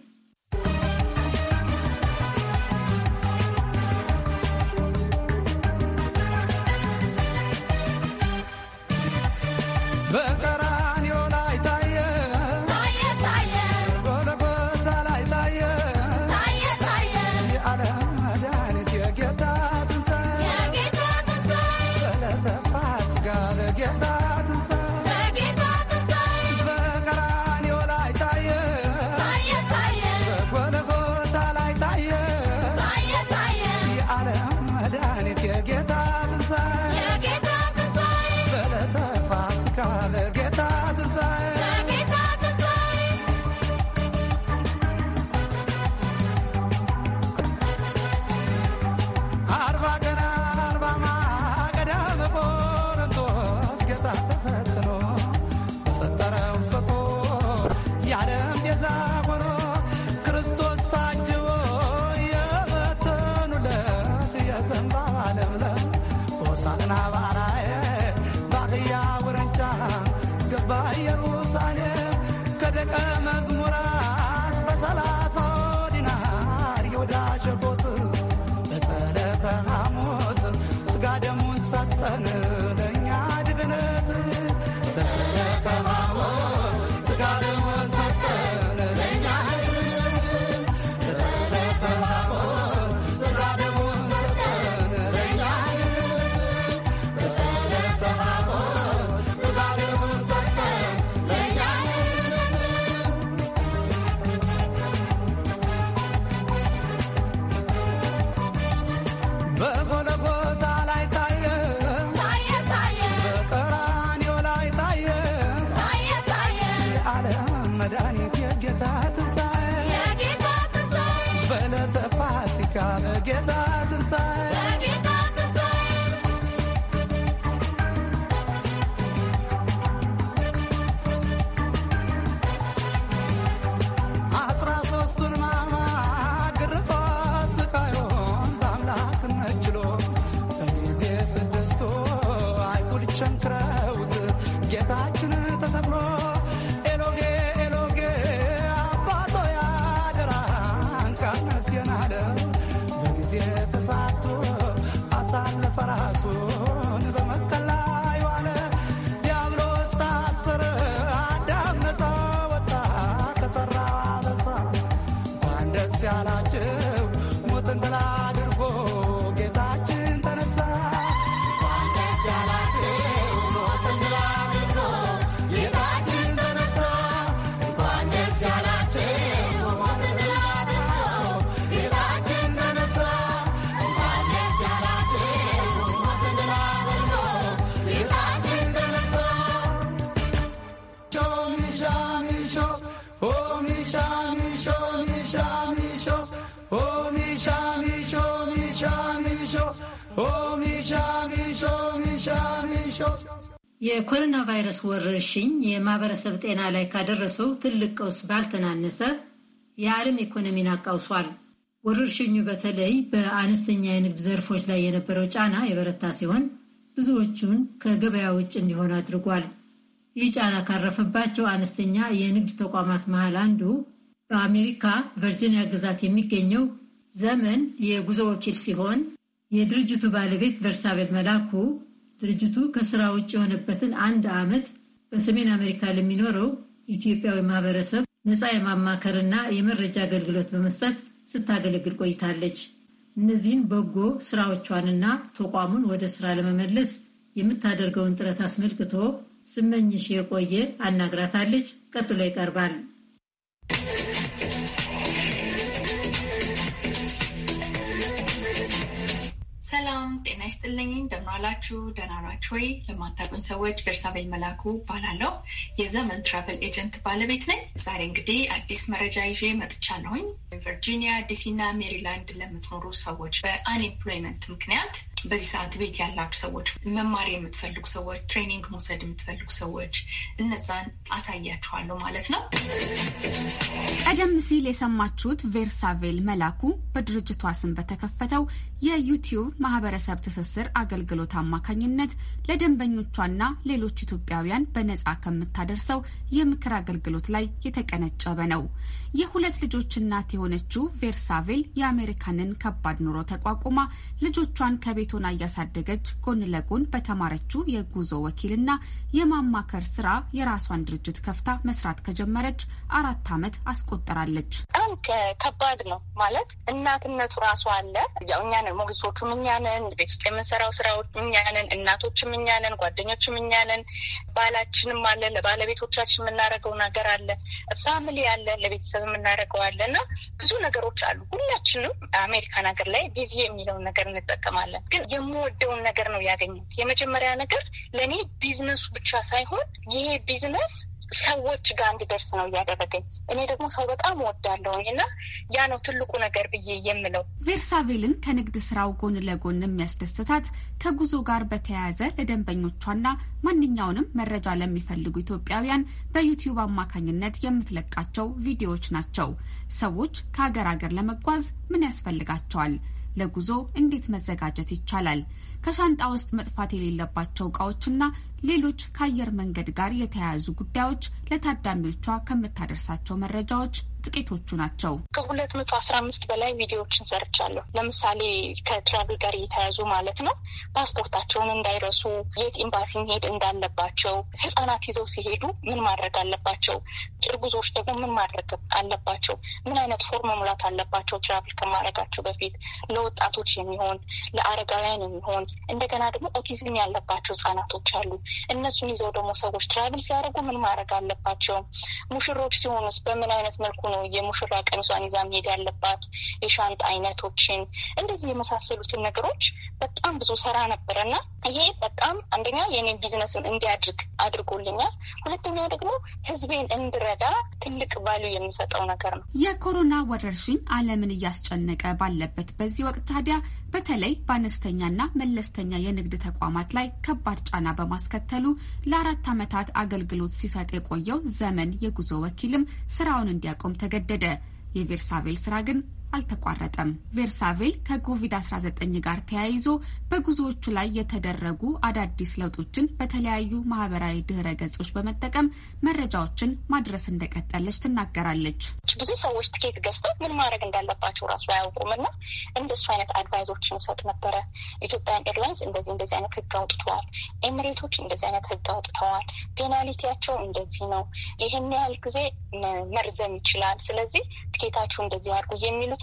Speaker 11: nebla hosanin habaaraye baqiyaa waranca gabaa yerusaalem ka dhaqa mazmu
Speaker 1: የኮሮና ቫይረስ ወረርሽኝ የማህበረሰብ ጤና ላይ ካደረሰው ትልቅ ቀውስ ባልተናነሰ የዓለም ኢኮኖሚን አቃውሷል። ወረርሽኙ በተለይ በአነስተኛ የንግድ ዘርፎች ላይ የነበረው ጫና የበረታ ሲሆን ብዙዎቹን ከገበያ ውጭ እንዲሆን አድርጓል። ይህ ጫና ካረፈባቸው አነስተኛ የንግድ ተቋማት መሃል አንዱ በአሜሪካ ቨርጂኒያ ግዛት የሚገኘው ዘመን የጉዞ ወኪል ሲሆን የድርጅቱ ባለቤት ቨርሳቤል መላኩ ድርጅቱ ከስራ ውጭ የሆነበትን አንድ ዓመት በሰሜን አሜሪካ ለሚኖረው ኢትዮጵያዊ ማህበረሰብ ነፃ የማማከርና የመረጃ አገልግሎት በመስጠት ስታገለግል ቆይታለች። እነዚህን በጎ ስራዎቿንና ተቋሙን ወደ ስራ ለመመለስ የምታደርገውን ጥረት አስመልክቶ ስመኝሽ የቆየ አናግራታለች። ቀጥሎ ይቀርባል።
Speaker 12: ሰላም ጤና ይስጥልኝ። እንደምናላችሁ ደህና ናችሁ ወይ? ለማታውቁኝ ሰዎች ቬርሳቬል መላኩ እባላለሁ። የዘመን ትራቨል ኤጀንት ባለቤት ነኝ። ዛሬ እንግዲህ አዲስ መረጃ ይዤ መጥቻለሁኝ። ቨርጂኒያ፣ ዲሲ እና ሜሪላንድ ለምትኖሩ ሰዎች በአንኤምፕሎይመንት ምክንያት በዚህ ሰዓት ቤት ያላችሁ ሰዎች፣ መማር የምትፈልጉ ሰዎች፣ ትሬኒንግ መውሰድ የምትፈልጉ ሰዎች እነዛን አሳያችኋለሁ ማለት ነው። ቀደም ሲል የሰማችሁት ቬርሳቬል መላኩ በድርጅቷ ስም በተከፈተው የዩቲዩብ ማህበረሰብ የቤተሰብ ትስስር አገልግሎት አማካኝነት ለደንበኞቿና ሌሎች ኢትዮጵያውያን በነጻ ከምታደርሰው የምክር አገልግሎት ላይ የተቀነጨበ ነው። የሁለት ልጆች እናት የሆነችው ቬርሳቬል የአሜሪካንን ከባድ ኑሮ ተቋቁማ ልጆቿን ከቤቶና እያሳደገች ጎን ለጎን በተማረችው የጉዞ ወኪልና የማማከር ስራ የራሷን ድርጅት ከፍታ መስራት ከጀመረች አራት ዓመት አስቆጠራለች።
Speaker 13: በጣም ከባድ ነው ማለት እናትነቱ ራሱ አለ። ያው እኛንን ሞግሶቹም እኛንን ቤት ውስጥ የምንሰራው ስራዎች እኛንን፣ እናቶችም እኛንን፣ ጓደኞችም እኛንን፣ ባላችንም አለ፣ ለባለቤቶቻችን የምናደርገው ነገር አለ፣ ፋሚሊ አለ፣ ለቤተሰብ የምናደርገው አለ እና ብዙ ነገሮች አሉ። ሁላችንም አሜሪካን ሀገር ላይ ቢዚ የሚለውን ነገር እንጠቀማለን። ግን የምወደውን ነገር ነው ያገኙት። የመጀመሪያ ነገር ለእኔ ቢዝነሱ ብቻ ሳይሆን ይሄ ቢዝነስ ሰዎች ጋር እንዲደርስ ነው እያደረገኝ። እኔ ደግሞ ሰው በጣም ወዳለሁኝ እና ያ ነው ትልቁ ነገር ብዬ የምለው።
Speaker 12: ቬርሳቬልን ከንግድ ስራው ጎን ለጎን የሚያስደስታት ከጉዞ ጋር በተያያዘ ለደንበኞቿና ማንኛውንም መረጃ ለሚፈልጉ ኢትዮጵያውያን በዩቲዩብ አማካኝነት የምትለቃቸው ቪዲዮዎች ናቸው። ሰዎች ከሀገር ሀገር ለመጓዝ ምን ያስፈልጋቸዋል? ለጉዞ እንዴት መዘጋጀት ይቻላል? ከሻንጣ ውስጥ መጥፋት የሌለባቸው እቃዎችና ሌሎች ከአየር መንገድ ጋር የተያያዙ ጉዳዮች ለታዳሚዎቿ ከምታደርሳቸው መረጃዎች ጥቂቶቹ ናቸው።
Speaker 13: ከሁለት መቶ አስራ አምስት በላይ ቪዲዮዎችን ሰርቻለሁ። ለምሳሌ ከትራቭል ጋር የተያዙ ማለት ነው። ፓስፖርታቸውን እንዳይረሱ፣ የት ኤምባሲ መሄድ እንዳለባቸው፣ ህጻናት ይዘው ሲሄዱ ምን ማድረግ አለባቸው፣ እርጉዞች ደግሞ ምን ማድረግ አለባቸው፣ ምን አይነት ፎርም መሙላት አለባቸው ትራቭል ከማድረጋቸው በፊት ለወጣቶች የሚሆን ለአረጋውያን የሚሆን እንደገና ደግሞ ኦቲዝም ያለባቸው ህጻናቶች አሉ። እነሱን ይዘው ደግሞ ሰዎች ትራቭል ሲያደርጉ ምን ማድረግ አለባቸው፣ ሙሽሮች ሲሆኑስ በምን አይነት መልኩ ነው ነው የሙሽራ ቀሚሷን ይዛ መሄድ ያለባት፣ የሻንጣ አይነቶችን እንደዚህ የመሳሰሉትን ነገሮች በጣም ብዙ ስራ ነበረ እና ይሄ በጣም አንደኛ የኔን ቢዝነስን እንዲያድርግ አድርጎልኛል። ሁለተኛ ደግሞ ህዝቤን እንድረዳ ትልቅ ባሉ የሚሰጠው ነገር ነው።
Speaker 12: የኮሮና ወረርሽኝ ዓለምን እያስጨነቀ ባለበት በዚህ ወቅት ታዲያ በተለይ በአነስተኛና መለስተኛ የንግድ ተቋማት ላይ ከባድ ጫና በማስከተሉ ለአራት ዓመታት አገልግሎት ሲሰጥ የቆየው ዘመን የጉዞ ወኪልም ስራውን እንዲያቆም ተገደደ። የቬርሳቬል ስራ ግን አልተቋረጠም። ቬርሳቬል ከኮቪድ-19 ጋር ተያይዞ በጉዞዎቹ ላይ የተደረጉ አዳዲስ ለውጦችን በተለያዩ ማህበራዊ ድህረ ገጾች በመጠቀም መረጃዎችን ማድረስ እንደቀጠለች ትናገራለች።
Speaker 13: ብዙ ሰዎች ትኬት ገዝተው ምን ማድረግ እንዳለባቸው ራሱ አያውቁም እና እንደሱ አይነት አድቫይዞችን ሰጥ ነበረ። ኢትዮጵያን ኤርላይንስ እንደዚህ እንደዚህ አይነት ህግ አውጥተዋል፣ ኤሚሬቶች እንደዚህ አይነት ህግ አውጥተዋል፣ ፔናሊቲያቸው እንደዚህ ነው፣ ይህን ያህል ጊዜ መርዘም ይችላል፣ ስለዚህ ትኬታችሁ እንደዚህ አድርጉ የሚሉት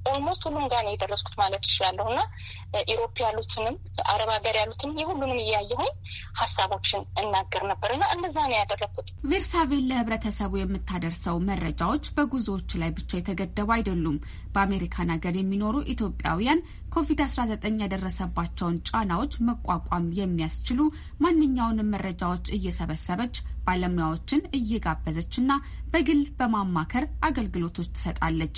Speaker 13: ኦልሞስት ሁሉም ጋር ነው የደረስኩት ማለት ይችላለሁ እና ኢሮፕ ያሉትንም አረብ ሀገር ያሉትንም የሁሉንም እያየሁኝ ሀሳቦችን እናገር ነበር እና እንደዛ ነው ያደረግኩት።
Speaker 12: ቬርሳቬል ለህብረተሰቡ የምታደርሰው መረጃዎች በጉዞዎች ላይ ብቻ የተገደቡ አይደሉም። በአሜሪካን ሀገር የሚኖሩ ኢትዮጵያውያን ኮቪድ-19 ያደረሰባቸውን ጫናዎች መቋቋም የሚያስችሉ ማንኛውንም መረጃዎች እየሰበሰበች ባለሙያዎችን እየጋበዘችና በግል በማማከር አገልግሎቶች ትሰጣለች።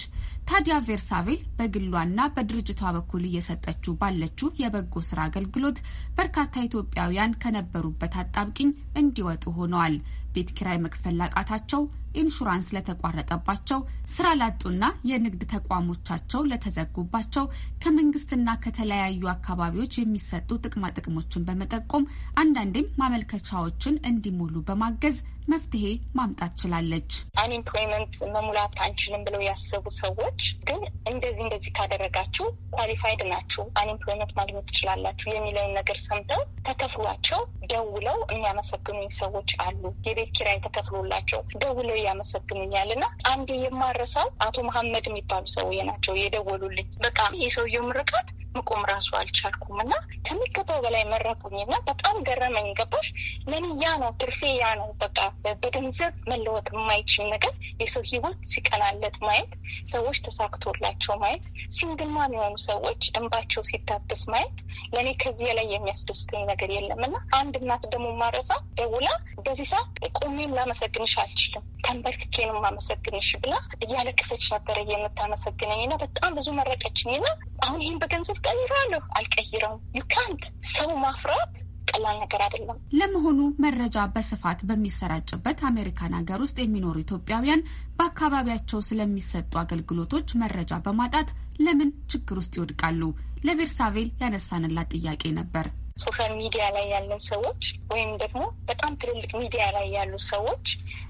Speaker 12: ታዲያ ቬርሳቬ ሞቢል በግሏና በድርጅቷ በኩል እየሰጠችው ባለችው የበጎ ስራ አገልግሎት በርካታ ኢትዮጵያውያን ከነበሩበት አጣብቂኝ እንዲወጡ ሆነዋል። ቤት ኪራይ መክፈል ላቃታቸው፣ ኢንሹራንስ ለተቋረጠባቸው፣ ስራ ላጡና የንግድ ተቋሞቻቸው ለተዘጉባቸው ከመንግስትና ከተለያዩ አካባቢዎች የሚሰጡ ጥቅማጥቅሞችን በመጠቆም አንዳንዴም ማመልከቻዎችን እንዲሞሉ በማገዝ መፍትሄ ማምጣት ችላለች።
Speaker 13: አንኢምፕሎይመንት መሙላት አንችልም ብለው ያሰቡ ሰዎች ግን እንደዚህ እንደዚህ ካደረጋችሁ ኳሊፋይድ ናችሁ፣ አንኢምፕሎይመንት ማግኘት ትችላላችሁ የሚለውን ነገር ሰምተው ተከፍሏቸው ደውለው የሚያመሰግኑኝ ሰዎች አሉ። የቤት ኪራይ ተከፍሎላቸው ደውለው እያመሰግኑኛል እና አንድ የማረሳው አቶ መሀመድ የሚባሉ ሰውዬ ናቸው የደወሉልኝ። በቃ የሰውየው ምርቃት መቆም ራሱ አልቻልኩም እና ከሚገባው በላይ መረቁኝ እና በጣም ገረመኝ። ገባሽ? ለኔ ያ ነው ትርፌ፣ ያ ነው በቃ በገንዘብ መለወጥ የማይችል ነገር የሰው ህይወት ሲቀናለት ማየት፣ ሰዎች ተሳክቶላቸው ማየት፣ ሲንግማ የሆኑ ሰዎች እንባቸው ሲታበስ ማየት ለእኔ ከዚህ ላይ የሚያስደስተኝ ነገር የለም እና አንድ እናት ደግሞ ማረሳ ደውላ በዚህ ሰዓት ቆሜም ላመሰግንሽ አልችልም ተንበርክኬንም ማመሰግንሽ ብላ እያለቀሰች ነበረ የምታመሰግነኝ እና በጣም ብዙ መረቀችኝ እና አሁን ይህን በገንዘብ እቀይራለሁ አልቀይረው ዩካንት ሰው ማፍራት ቀላል ነገር አይደለም።
Speaker 12: ለመሆኑ መረጃ በስፋት በሚሰራጭበት አሜሪካን ሀገር ውስጥ የሚኖሩ ኢትዮጵያውያን በአካባቢያቸው ስለሚሰጡ አገልግሎቶች መረጃ በማጣት ለምን ችግር ውስጥ ይወድቃሉ? ለቬርሳቬል ያነሳንላት ጥያቄ ነበር።
Speaker 13: ሶሻል ሚዲያ ላይ ያለን ሰዎች ወይም ደግሞ በጣም ትልልቅ ሚዲያ ላይ ያሉ ሰዎች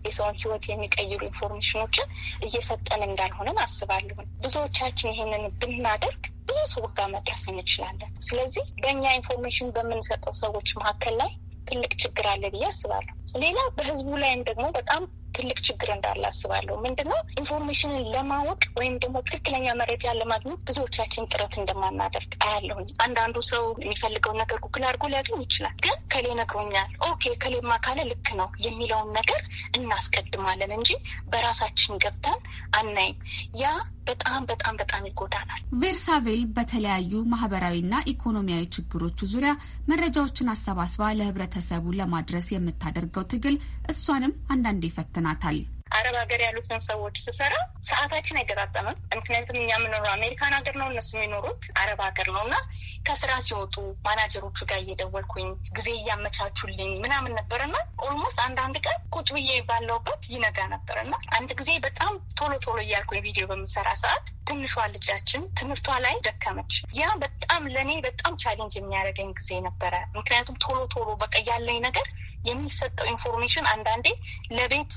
Speaker 13: የሰውን ሕይወት የሚቀይሩ ኢንፎርሜሽኖችን እየሰጠን እንዳልሆነን አስባለሁን። ብዙዎቻችን ይሄንን ብናደርግ ብዙ ሰው ጋር መድረስ እንችላለን። ስለዚህ በእኛ ኢንፎርሜሽን በምንሰጠው ሰዎች መካከል ላይ ትልቅ ችግር አለ ብዬ አስባለሁ። ሌላ በህዝቡ ላይም ደግሞ በጣም ትልቅ ችግር እንዳለ አስባለሁ። ምንድነው ኢንፎርሜሽንን ለማወቅ ወይም ደግሞ ትክክለኛ መረጃ ለማግኘት ብዙዎቻችን ጥረት እንደማናደርግ አያለሁኝ። አንዳንዱ ሰው የሚፈልገውን ነገር ጉግል አድርጎ ሊያገኝ ይችላል። ግን ከሌ ነግሮኛል፣ ኦኬ ከሌ ማካለ ልክ ነው የሚለውን ነገር እናስቀድማለን እንጂ በራሳችን ገብተን አናይም። ያ በጣም በጣም በጣም ይጎዳናል።
Speaker 12: ቬርሳቬል በተለያዩ ማህበራዊና ኢኮኖሚያዊ ችግሮቹ ዙሪያ መረጃዎችን አሰባስባ ለህብረተሰቡ ለማድረስ የምታደርገው ትግል እሷንም አንዳንዴ ይፈትናል። አግኝተናታል።
Speaker 13: አረብ ሀገር ያሉትን ሰዎች ስሰራ ሰዓታችን አይገጣጠምም። ምክንያቱም እኛ የምኖረው አሜሪካን ሀገር ነው፣ እነሱ የሚኖሩት አረብ ሀገር ነው እና ከስራ ሲወጡ ማናጀሮቹ ጋር እየደወልኩኝ ጊዜ እያመቻቹልኝ ምናምን ነበርና ኦልሞስት አንዳንድ ቀን ቁጭ ብዬ ባለውበት ይነጋ ነበርና አንድ ጊዜ በጣም ቶሎ ቶሎ እያልኩኝ ቪዲዮ በምሰራ ሰዓት ትንሿ ልጃችን ትምህርቷ ላይ ደከመች። ያ በጣም ለእኔ በጣም ቻሌንጅ የሚያደርገኝ ጊዜ ነበረ። ምክንያቱም ቶሎ ቶሎ በቃ ያለኝ ነገር የሚሰጠው ኢንፎርሜሽን አንዳንዴ ለቤት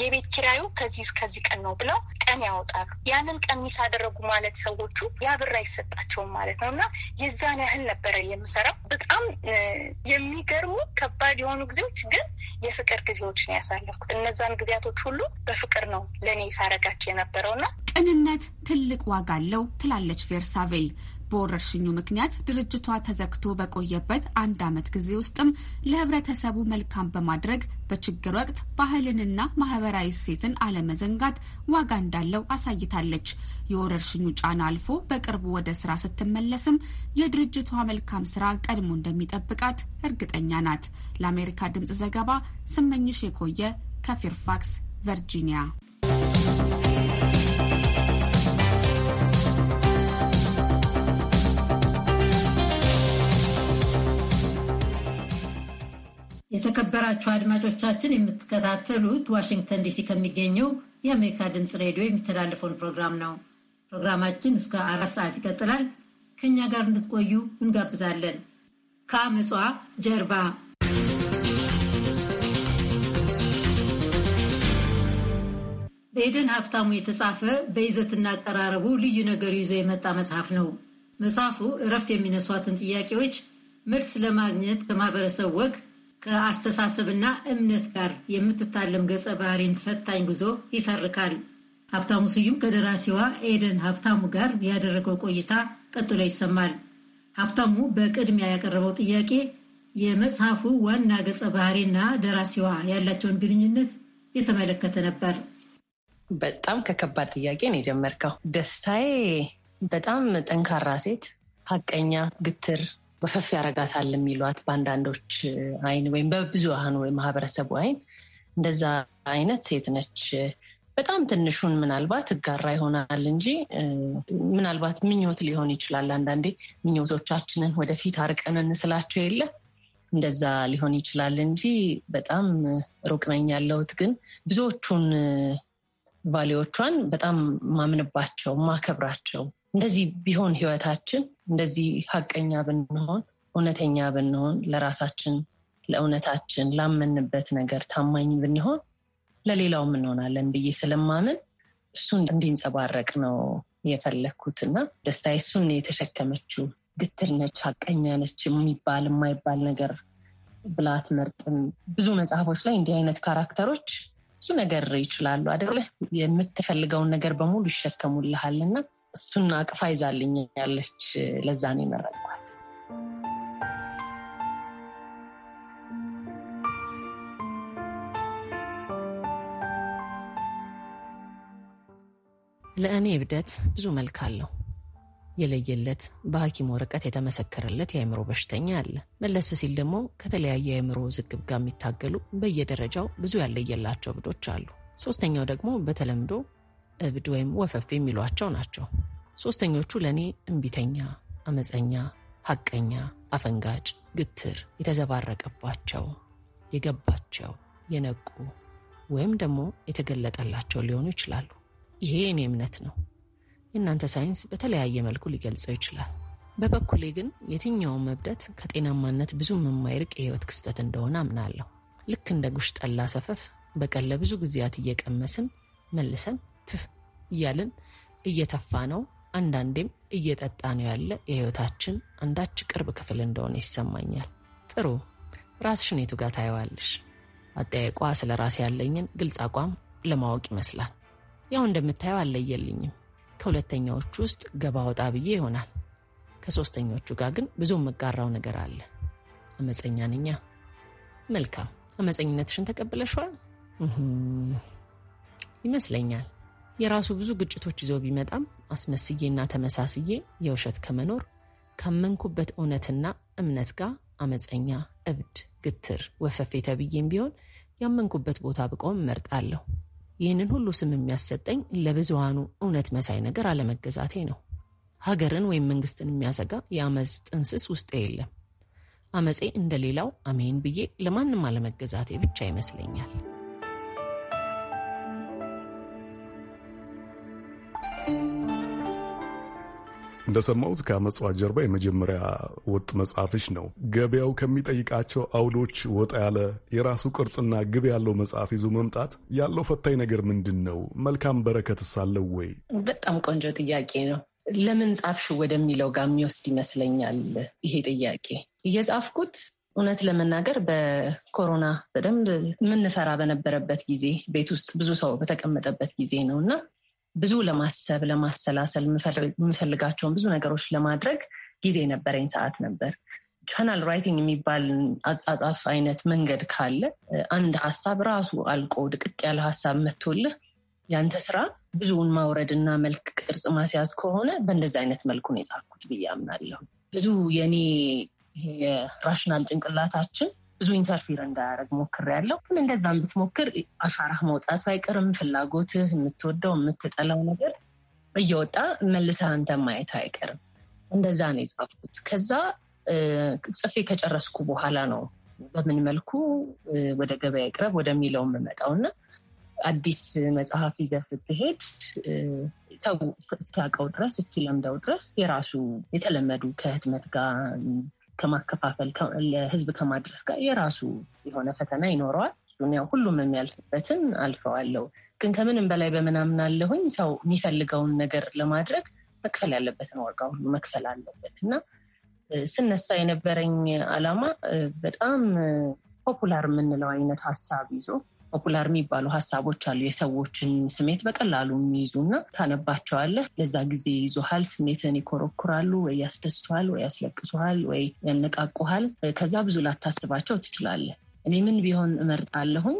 Speaker 13: የቤት ኪራዩ ከዚህ እስከዚህ ቀን ነው ብለው ቀን ያወጣሉ። ያንን ቀን ሚስ አደረጉ ማለት ሰዎቹ ያ ብር አይሰጣቸውም ማለት ነው እና የዛን ያህል ነበረ የምሰራው። በጣም የሚገርሙ ከባድ የሆኑ ጊዜዎች ግን የፍቅር ጊዜዎች ነው ያሳለፍኩት። እነዛን ጊዜያቶች ሁሉ በፍቅር ነው ለእኔ ሳረጋች የነበረው እና
Speaker 12: ቅንነት ትልቅ ዋጋ አለው ትላለች ቬርሳቬል። በወረርሽኙ ምክንያት ድርጅቷ ተዘግቶ በቆየበት አንድ ዓመት ጊዜ ውስጥም ለህብረተሰቡ መልካም በማድረግ በችግር ወቅት ባህልንና ማህበራዊ እሴትን አለመዘንጋት ዋጋ እንዳለው አሳይታለች። የወረርሽኙ ጫና አልፎ በቅርቡ ወደ ስራ ስትመለስም የድርጅቷ መልካም ስራ ቀድሞ እንደሚጠብቃት እርግጠኛ ናት። ለአሜሪካ ድምጽ ዘገባ ስመኝሽ የቆየ ከፌርፋክስ ቨርጂኒያ
Speaker 1: የተከበራችሁ አድማጮቻችን የምትከታተሉት ዋሽንግተን ዲሲ ከሚገኘው የአሜሪካ ድምፅ ሬዲዮ የሚተላለፈውን ፕሮግራም ነው። ፕሮግራማችን እስከ አራት ሰዓት ይቀጥላል። ከእኛ ጋር እንድትቆዩ እንጋብዛለን። ከአመጿ ጀርባ በኤደን ሀብታሙ የተጻፈ በይዘትና አቀራረቡ ልዩ ነገር ይዞ የመጣ መጽሐፍ ነው። መጽሐፉ እረፍት የሚነሷትን ጥያቄዎች መልስ ለማግኘት ከማህበረሰብ ወግ ከአስተሳሰብና እምነት ጋር የምትታለም ገጸ ባህሪን ፈታኝ ጉዞ ይተርካል። ሀብታሙ ስዩም ከደራሲዋ ኤደን ሀብታሙ ጋር ያደረገው ቆይታ ቀጥሎ ይሰማል። ሀብታሙ በቅድሚያ ያቀረበው ጥያቄ የመጽሐፉ ዋና ገጸ ባህሪና ደራሲዋ ያላቸውን ግንኙነት የተመለከተ ነበር።
Speaker 14: በጣም ከከባድ ጥያቄ ነው የጀመርከው። ደስታዬ በጣም ጠንካራ ሴት፣ ሀቀኛ፣ ግትር ወፈፍ ያረጋታል የሚሏት በአንዳንዶች አይን ወይም በብዙሃኑ ማህበረሰቡ አይን እንደዛ አይነት ሴት ነች። በጣም ትንሹን ምናልባት እጋራ ይሆናል እንጂ ምናልባት ምኞት ሊሆን ይችላል። አንዳንዴ ምኞቶቻችንን ወደፊት አርቀን እንስላቸው የለ እንደዛ ሊሆን ይችላል እንጂ በጣም ሩቅ ነኝ ያለሁት ግን ብዙዎቹን ቫሌዎቿን በጣም ማምንባቸው ማከብራቸው እንደዚህ ቢሆን ህይወታችን እንደዚህ ሀቀኛ ብንሆን እውነተኛ ብንሆን ለራሳችን ለእውነታችን ላመንበት ነገር ታማኝ ብንሆን ለሌላውም እንሆናለን ብዬ ስለማምን እሱን እንዲንጸባረቅ ነው የፈለግኩት እና ደስታ እሱን የተሸከመችው ግትር ነች፣ ሀቀኛ ነች የሚባል የማይባል ነገር ብላ አትመርጥም። ብዙ መጽሐፎች ላይ እንዲህ አይነት ካራክተሮች ብዙ ነገር ይችላሉ አደለ? የምትፈልገውን ነገር በሙሉ ይሸከሙልሃል እና እሱን አቅፋ ይዛልኝ ያለች ለዛ ነው የመረጥኳት። ለእኔ እብደት ብዙ መልክ አለው። የለየለት በሐኪም ወረቀት የተመሰከረለት የአእምሮ በሽተኛ አለ። መለስ ሲል ደግሞ ከተለያየ የአእምሮ ዝግብ ጋር የሚታገሉ በየደረጃው ብዙ ያለየላቸው እብዶች አሉ። ሶስተኛው ደግሞ በተለምዶ እብድ ወይም ወፈፍ የሚሏቸው ናቸው። ሶስተኞቹ ለእኔ እምቢተኛ፣ አመፀኛ፣ ሐቀኛ፣ አፈንጋጭ፣ ግትር፣ የተዘባረቀባቸው፣ የገባቸው፣ የነቁ ወይም ደግሞ የተገለጠላቸው ሊሆኑ ይችላሉ። ይሄ የኔ እምነት ነው። የእናንተ ሳይንስ በተለያየ መልኩ ሊገልጸው ይችላል። በበኩሌ ግን የትኛውም እብደት ከጤናማነት ብዙም የማይርቅ የህይወት ክስተት እንደሆነ አምናለሁ። ልክ እንደ ጉሽ ጠላ ሰፈፍ በቀን ለብዙ ጊዜያት እየቀመስን መልሰን ትፍ እያልን እየተፋ ነው፣ አንዳንዴም እየጠጣ ነው ያለ የህይወታችን አንዳች ቅርብ ክፍል እንደሆነ ይሰማኛል። ጥሩ ራስሽን የቱ ጋር ታየዋለሽ? አጠያየቋ ስለ ራሴ ያለኝን ግልጽ አቋም ለማወቅ ይመስላል። ያው እንደምታየው አለየልኝም። ከሁለተኛዎቹ ውስጥ ገባ ወጣ ብዬ ይሆናል። ከሶስተኞቹ ጋር ግን ብዙ የምጋራው ነገር አለ። አመፀኛ ነኛ። መልካም አመፀኝነትሽን ተቀብለሽዋል ይመስለኛል። የራሱ ብዙ ግጭቶች ይዞ ቢመጣም አስመስዬና ተመሳስዬ የውሸት ከመኖር ካመንኩበት እውነትና እምነት ጋር አመፀኛ፣ እብድ፣ ግትር፣ ወፈፌ ተብዬም ቢሆን ያመንኩበት ቦታ ብቆም እመርጣለሁ። ይህንን ሁሉ ስም የሚያሰጠኝ ለብዙሃኑ እውነት መሳይ ነገር አለመገዛቴ ነው። ሀገርን ወይም መንግስትን የሚያሰጋ የአመፅ ጥንስስ ውስጤ የለም። አመፄ እንደሌላው አሜን ብዬ ለማንም አለመገዛቴ ብቻ ይመስለኛል።
Speaker 15: እንደሰማሁት ከአመጽዋ ጀርባ የመጀመሪያ ወጥ መጽሐፍሽ ነው። ገበያው ከሚጠይቃቸው አውዶች ወጣ ያለ የራሱ ቅርጽና ግብ ያለው መጽሐፍ ይዞ መምጣት ያለው ፈታኝ ነገር ምንድን ነው? መልካም በረከትስ አለው ወይ?
Speaker 14: በጣም ቆንጆ ጥያቄ ነው። ለምን ጻፍሽ ወደሚለው ጋር የሚወስድ ይመስለኛል ይሄ ጥያቄ። እየጻፍኩት እውነት ለመናገር በኮሮና በደንብ የምንፈራ በነበረበት ጊዜ ቤት ውስጥ ብዙ ሰው በተቀመጠበት ጊዜ ነው እና ብዙ ለማሰብ ለማሰላሰል የምፈልጋቸውን ብዙ ነገሮች ለማድረግ ጊዜ ነበረኝ፣ ሰዓት ነበር። ቻናል ራይቲንግ የሚባል አጻጻፍ አይነት መንገድ ካለ አንድ ሀሳብ ራሱ አልቆ ድቅቅ ያለ ሀሳብ መቶልህ ያንተ ስራ ብዙውን ማውረድና መልክ ቅርጽ ማስያዝ ከሆነ በእንደዚህ አይነት መልኩ ነው የጻፍኩት ብዬ አምናለሁ። ብዙ የኔ የራሽናል ጭንቅላታችን ብዙ ኢንተርፊር እንዳያደረግ ሞክር ያለው ግን እንደዛ ብትሞክር አሻራህ መውጣቱ አይቀርም። ፍላጎትህ፣ የምትወደው የምትጠላው ነገር እየወጣ መልሰህ አንተ ማየት አይቀርም። እንደዛ ነው የጻፍኩት። ከዛ ጽፌ ከጨረስኩ በኋላ ነው በምን መልኩ ወደ ገበያ ይቅረብ ወደሚለው የምመጣው እና አዲስ መጽሐፍ ይዘህ ስትሄድ ሰው እስኪያውቀው ድረስ እስኪለምደው ድረስ የራሱ የተለመዱ ከህትመት ጋር ከማከፋፈል ለህዝብ ከማድረስ ጋር የራሱ የሆነ ፈተና ይኖረዋል። ሁሉም የሚያልፍበትን አልፈዋለሁ። ግን ከምንም በላይ በምናምን አለሁኝ ሰው የሚፈልገውን ነገር ለማድረግ መክፈል ያለበትን ዋጋ ሁሉ መክፈል አለበት እና ስነሳ የነበረኝ አላማ በጣም ፖፑላር የምንለው አይነት ሀሳብ ይዞ ፖፑላር የሚባሉ ሀሳቦች አሉ። የሰዎችን ስሜት በቀላሉ የሚይዙ እና ታነባቸዋለህ። ለዛ ጊዜ ይዞሃል፣ ስሜትን ይኮረኩራሉ። ወይ ያስደስቷል፣ ወይ ያስለቅሱሃል፣ ወይ ያነቃቁሃል። ከዛ ብዙ ላታስባቸው ትችላለህ። እኔ ምን ቢሆን እመርጣለሁኝ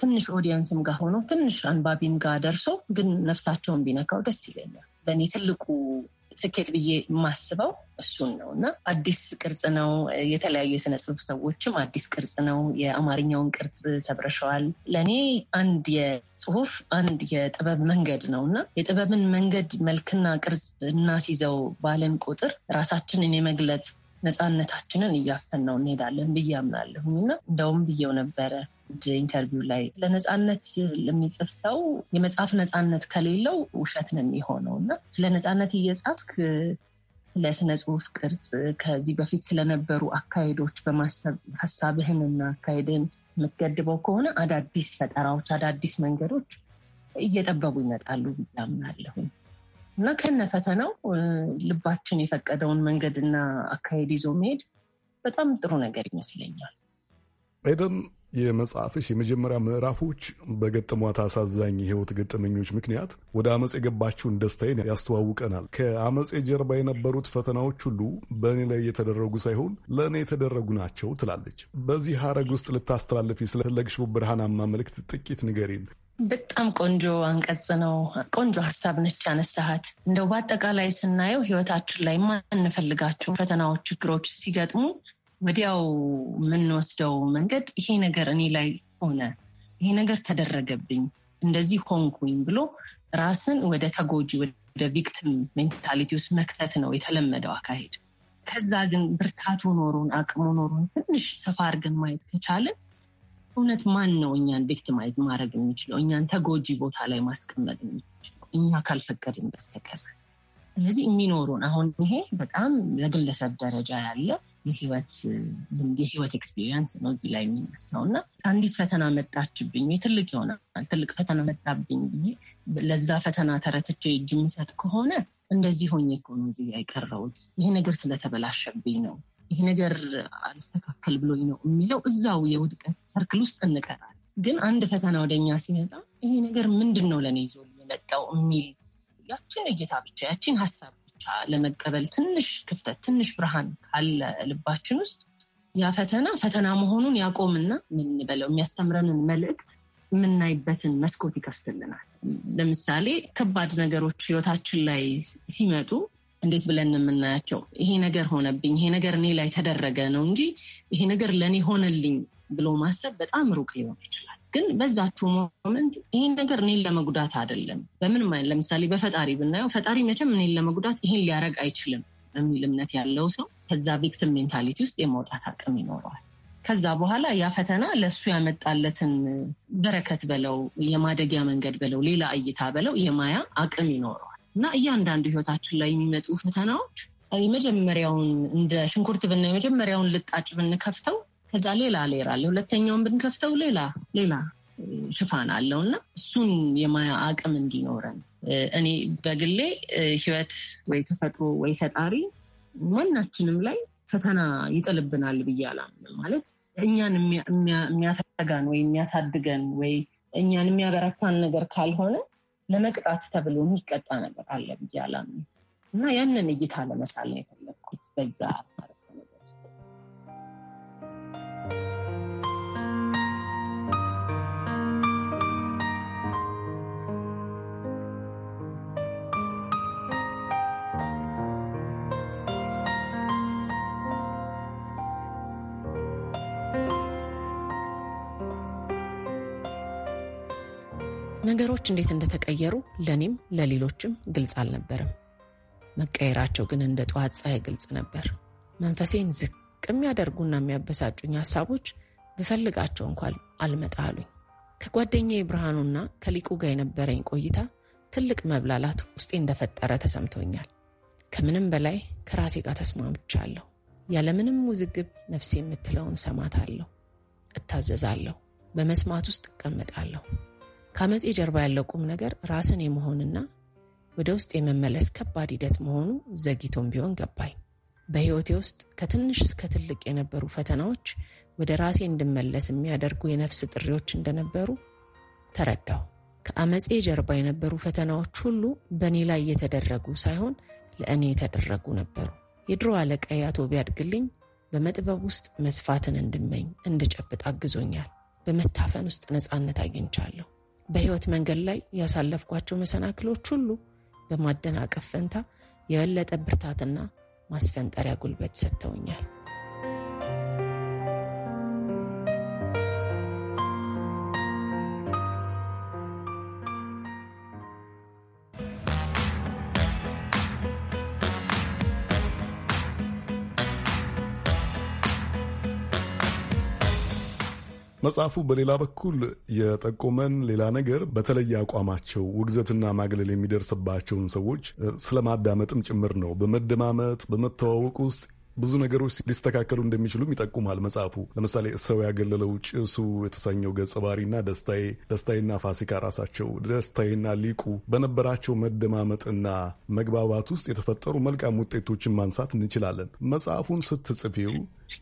Speaker 14: ትንሽ ኦዲየንስም ጋር ሆኖ ትንሽ አንባቢም ጋር ደርሶ ግን ነፍሳቸውን ቢነካው ደስ ይለኛል። በእኔ ትልቁ ስኬት ብዬ የማስበው እሱን ነው እና አዲስ ቅርጽ ነው። የተለያዩ የስነ ጽሁፍ ሰዎችም አዲስ ቅርጽ ነው፣ የአማርኛውን ቅርጽ ሰብረሸዋል። ለእኔ አንድ የጽሁፍ አንድ የጥበብ መንገድ ነው እና የጥበብን መንገድ መልክና ቅርጽ እናስይዘው ባለን ቁጥር ራሳችንን የመግለጽ ነፃነታችንን እያፈን ነው እንሄዳለን ብዬ አምናለሁ እና እንደውም ብዬው ነበረ ኢንተርቪው ላይ ለነፃነት ለሚጽፍ ሰው የመጽሐፍ ነፃነት ከሌለው ውሸት ነው የሚሆነው እና ስለ ነፃነት እየጻፍክ ስለ ስነ ጽሁፍ ቅርጽ ከዚህ በፊት ስለነበሩ አካሄዶች በማሰብ እና አካሄድህን የምትገድበው ከሆነ አዳዲስ ፈጠራዎች፣ አዳዲስ መንገዶች እየጠበቡ ይመጣሉ ብዬ አምናለሁ እና ከነ ፈተናው ልባችን የፈቀደውን መንገድና አካሄድ ይዞ መሄድ በጣም ጥሩ ነገር ይመስለኛል።
Speaker 15: ኤደን የመጽሐፍሽ የመጀመሪያ ምዕራፎች በገጠሟት አሳዛኝ የህይወት ገጠመኞች ምክንያት ወደ አመፅ የገባችውን ደስታዬን ያስተዋውቀናል። ከአመፅ ጀርባ የነበሩት ፈተናዎች ሁሉ በእኔ ላይ የተደረጉ ሳይሆን ለእኔ የተደረጉ ናቸው ትላለች። በዚህ ሀረግ ውስጥ ልታስተላልፊ ስለፈለግሽው ብርሃናማ መልእክት ጥቂት ንገሪን።
Speaker 14: በጣም ቆንጆ አንቀጽ ነው። ቆንጆ ሀሳብ ነች ያነሳሃት። እንደው በአጠቃላይ ስናየው ህይወታችን ላይ ማንፈልጋቸው ፈተናዎች፣ ችግሮች ሲገጥሙ ወዲያው የምንወስደው መንገድ ይሄ ነገር እኔ ላይ ሆነ፣ ይሄ ነገር ተደረገብኝ፣ እንደዚህ ሆንኩኝ ብሎ ራስን ወደ ተጎጂ ወደ ቪክቲም ሜንታሊቲ ውስጥ መክተት ነው የተለመደው አካሄድ። ከዛ ግን ብርታቱ ኖሩን አቅሙ ኖሩን ትንሽ ሰፋ አድርገን ማየት ከቻለን እውነት ማን ነው እኛን ቪክቲማይዝ ማድረግ የሚችለው እኛን ተጎጂ ቦታ ላይ ማስቀመጥ የሚችለው እኛ ካልፈቀድን በስተቀር። ስለዚህ የሚኖሩን አሁን ይሄ በጣም ለግለሰብ ደረጃ ያለ የህይወት የህይወት ኤክስፒሪየንስ ነው እዚህ ላይ የሚነሳው እና አንዲት ፈተና መጣችብኝ ትልቅ ይሆናል ትልቅ ፈተና መጣብኝ ብዬ ለዛ ፈተና ተረትቼ እጅ የምሰጥ ከሆነ እንደዚህ ሆኜ እኮ ነው እዚህ ይሄ ነገር ስለተበላሸብኝ ነው ይሄ ነገር አልስተካከል ብሎኝ ነው የሚለው እዛው የውድቀት ሰርክል ውስጥ እንቀራል ግን አንድ ፈተና ወደኛ ሲመጣ ይሄ ነገር ምንድን ነው ለእኔ ይዞ የመጣው የሚል ያችን እይታ ብቻ ያችን ሀሳብ ብቻ ለመቀበል ትንሽ ክፍተት፣ ትንሽ ብርሃን ካለ ልባችን ውስጥ ያ ፈተና ፈተና መሆኑን ያቆምና ምን በለው የሚያስተምረንን መልእክት የምናይበትን መስኮት ይከፍትልናል። ለምሳሌ ከባድ ነገሮች ህይወታችን ላይ ሲመጡ እንዴት ብለን የምናያቸው ይሄ ነገር ሆነብኝ፣ ይሄ ነገር እኔ ላይ ተደረገ ነው እንጂ ይሄ ነገር ለእኔ ሆነልኝ ብሎ ማሰብ በጣም ሩቅ ሊሆን ይችላል። ግን በዛችሁ ሞመንት ይህን ነገር እኔን ለመጉዳት አይደለም። በምንም አይነት ለምሳሌ በፈጣሪ ብናየው ፈጣሪ መቼም እኔን ለመጉዳት ይህን ሊያደርግ አይችልም የሚል እምነት ያለው ሰው ከዛ ቪክትም ሜንታሊቲ ውስጥ የማውጣት አቅም ይኖረዋል። ከዛ በኋላ ያ ፈተና ለእሱ ያመጣለትን በረከት በለው የማደጊያ መንገድ በለው ሌላ እይታ በለው የማያ አቅም ይኖረዋል እና እያንዳንዱ ህይወታችን ላይ የሚመጡ ፈተናዎች የመጀመሪያውን እንደ ሽንኩርት ብና የመጀመሪያውን ልጣጭ ብንከፍተው ከዛ ሌላ ሌር አለ። ሁለተኛውን ብንከፍተው ሌላ ሌላ ሽፋን አለው እና እሱን የማያ አቅም እንዲኖረን እኔ በግሌ ህይወት ወይ ተፈጥሮ ወይ ፈጣሪ ማናችንም ላይ ፈተና ይጥልብናል ብዬ አላምንም። ማለት እኛን የሚያፈጋን ወይ የሚያሳድገን ወይ እኛን የሚያበረታን ነገር ካልሆነ ለመቅጣት ተብሎ የሚቀጣ ነገር አለ ብዬ አላምንም እና ያንን እይታ ለመሳል ነው የፈለግኩት በዛ ነገሮች እንዴት እንደተቀየሩ ለእኔም ለሌሎችም ግልጽ አልነበርም። መቀየራቸው ግን እንደ ጠዋት ፀሐይ ግልጽ ነበር። መንፈሴን ዝቅ የሚያደርጉና የሚያበሳጩኝ ሀሳቦች ብፈልጋቸው እንኳን አልመጣ አሉኝ። ከጓደኛዬ ብርሃኑና ከሊቁ ጋር የነበረኝ ቆይታ ትልቅ መብላላት ውስጤ እንደፈጠረ ተሰምቶኛል። ከምንም በላይ ከራሴ ጋር ተስማምቻለሁ። ያለምንም ውዝግብ ነፍሴ የምትለውን ሰማታለሁ፣ እታዘዛለሁ፣ በመስማት ውስጥ እቀመጣለሁ። ከአመፄ ጀርባ ያለው ቁም ነገር ራስን የመሆንና ወደ ውስጥ የመመለስ ከባድ ሂደት መሆኑ ዘግይቶም ቢሆን ገባኝ። በሕይወቴ ውስጥ ከትንሽ እስከ ትልቅ የነበሩ ፈተናዎች ወደ ራሴ እንድመለስ የሚያደርጉ የነፍስ ጥሪዎች እንደነበሩ ተረዳሁ። ከአመፄ ጀርባ የነበሩ ፈተናዎች ሁሉ በእኔ ላይ የተደረጉ ሳይሆን ለእኔ የተደረጉ ነበሩ። የድሮ አለቃ አቶ ቢያድግልኝ በመጥበብ ውስጥ መስፋትን እንድመኝ እንድጨብጥ አግዞኛል። በመታፈን ውስጥ ነፃነት አግኝቻለሁ። በህይወት መንገድ ላይ ያሳለፍኳቸው መሰናክሎች ሁሉ በማደናቀፍ ፈንታ የበለጠ ብርታትና ማስፈንጠሪያ ጉልበት ሰጥተውኛል።
Speaker 15: መጽሐፉ በሌላ በኩል የጠቆመን ሌላ ነገር በተለየ አቋማቸው ውግዘትና ማግለል የሚደርስባቸውን ሰዎች ስለማዳመጥም ጭምር ነው። በመደማመጥ በመተዋወቅ ውስጥ ብዙ ነገሮች ሊስተካከሉ እንደሚችሉም ይጠቁማል መጽሐፉ። ለምሳሌ ሰው ያገለለው ጭሱ የተሰኘው ገጸ ባህሪና ደስታዬ ደስታዬና ፋሲካ ራሳቸው ደስታዬና ሊቁ በነበራቸው መደማመጥና መግባባት ውስጥ የተፈጠሩ መልካም ውጤቶችን ማንሳት እንችላለን። መጽሐፉን ስትጽፊው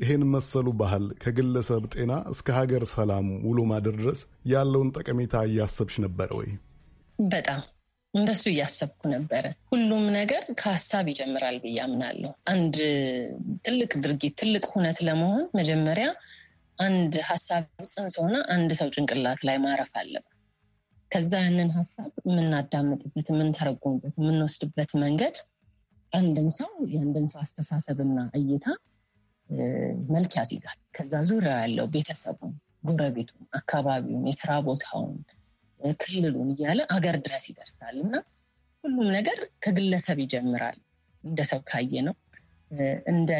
Speaker 15: ይህን መሰሉ ባህል ከግለሰብ ጤና እስከ ሀገር ሰላም ውሎ ማደር ድረስ ያለውን ጠቀሜታ እያሰብሽ ነበረ ወይ?
Speaker 14: በጣም እንደሱ እያሰብኩ ነበረ። ሁሉም ነገር ከሀሳብ ይጀምራል ብዬ አምናለሁ። አንድ ትልቅ ድርጊት፣ ትልቅ ሁነት ለመሆን መጀመሪያ አንድ ሀሳብ ጽንስ ሆነ አንድ ሰው ጭንቅላት ላይ ማረፍ አለበት። ከዛ ያንን ሀሳብ የምናዳምጥበት፣ የምንተረጉምበት፣ የምንወስድበት መንገድ አንድን ሰው የአንድን ሰው አስተሳሰብና እይታ መልክ ያስይዛል። ከዛ ዙሪያ ያለው ቤተሰቡን፣ ጎረቤቱን፣ አካባቢውን፣ የስራ ቦታውን ክልሉን እያለ አገር ድረስ ይደርሳል እና ሁሉም ነገር ከግለሰብ ይጀምራል። እንደ ሰው ካየ ነው እንደ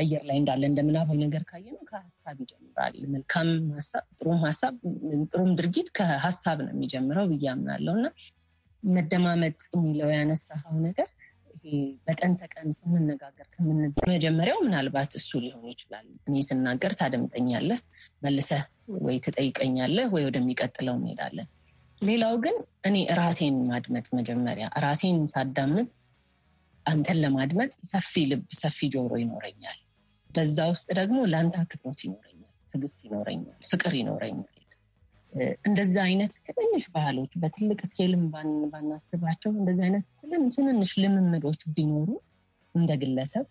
Speaker 14: አየር ላይ እንዳለ እንደ ምናባዊ ነገር ካየ ነው ከሀሳብ ይጀምራል። መልካም ሀሳብ፣ ጥሩም ሀሳብ፣ ጥሩም ድርጊት ከሀሳብ ነው የሚጀምረው ብዬ አምናለሁ እና መደማመጥ የሚለው ያነሳኸው ነገር በቀን ተቀን ስንነጋገር ከምን መጀመሪያው ምናልባት እሱ ሊሆን ይችላል። እኔ ስናገር ታደምጠኛለህ፣ መልሰህ ወይ ትጠይቀኛለህ፣ ወይ ወደሚቀጥለው እንሄዳለን። ሌላው ግን እኔ ራሴን ማድመጥ መጀመሪያ ራሴን ሳዳምጥ አንተን ለማድመጥ ሰፊ ልብ፣ ሰፊ ጆሮ ይኖረኛል። በዛ ውስጥ ደግሞ ለአንተ አክብሮት ይኖረኛል፣ ትዕግስት ይኖረኛል፣ ፍቅር ይኖረኛል። እንደዚህ አይነት ትንንሽ ባህሎች በትልቅ ስኬልም ባናስባቸው እንደዚህ አይነት ትንንሽ ልምምዶች ቢኖሩ እንደ ግለሰብ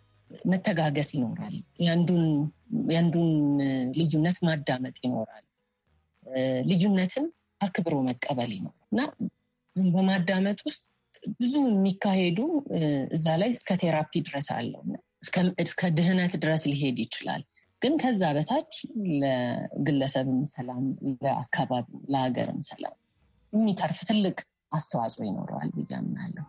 Speaker 14: መተጋገስ ይኖራል። የአንዱን ልዩነት ማዳመጥ ይኖራል። ልዩነትን አክብሮ መቀበል ይኖራል እና በማዳመጥ ውስጥ ብዙ የሚካሄዱ እዛ ላይ እስከ ቴራፒ ድረስ አለው እስከ ድህነት ድረስ ሊሄድ ይችላል። ግን ከዛ በታች ለግለሰብም ሰላም፣ ለአካባቢ፣ ለሀገርም ሰላም የሚተርፍ ትልቅ አስተዋጽኦ ይኖረዋል ብዬ አምናለሁ።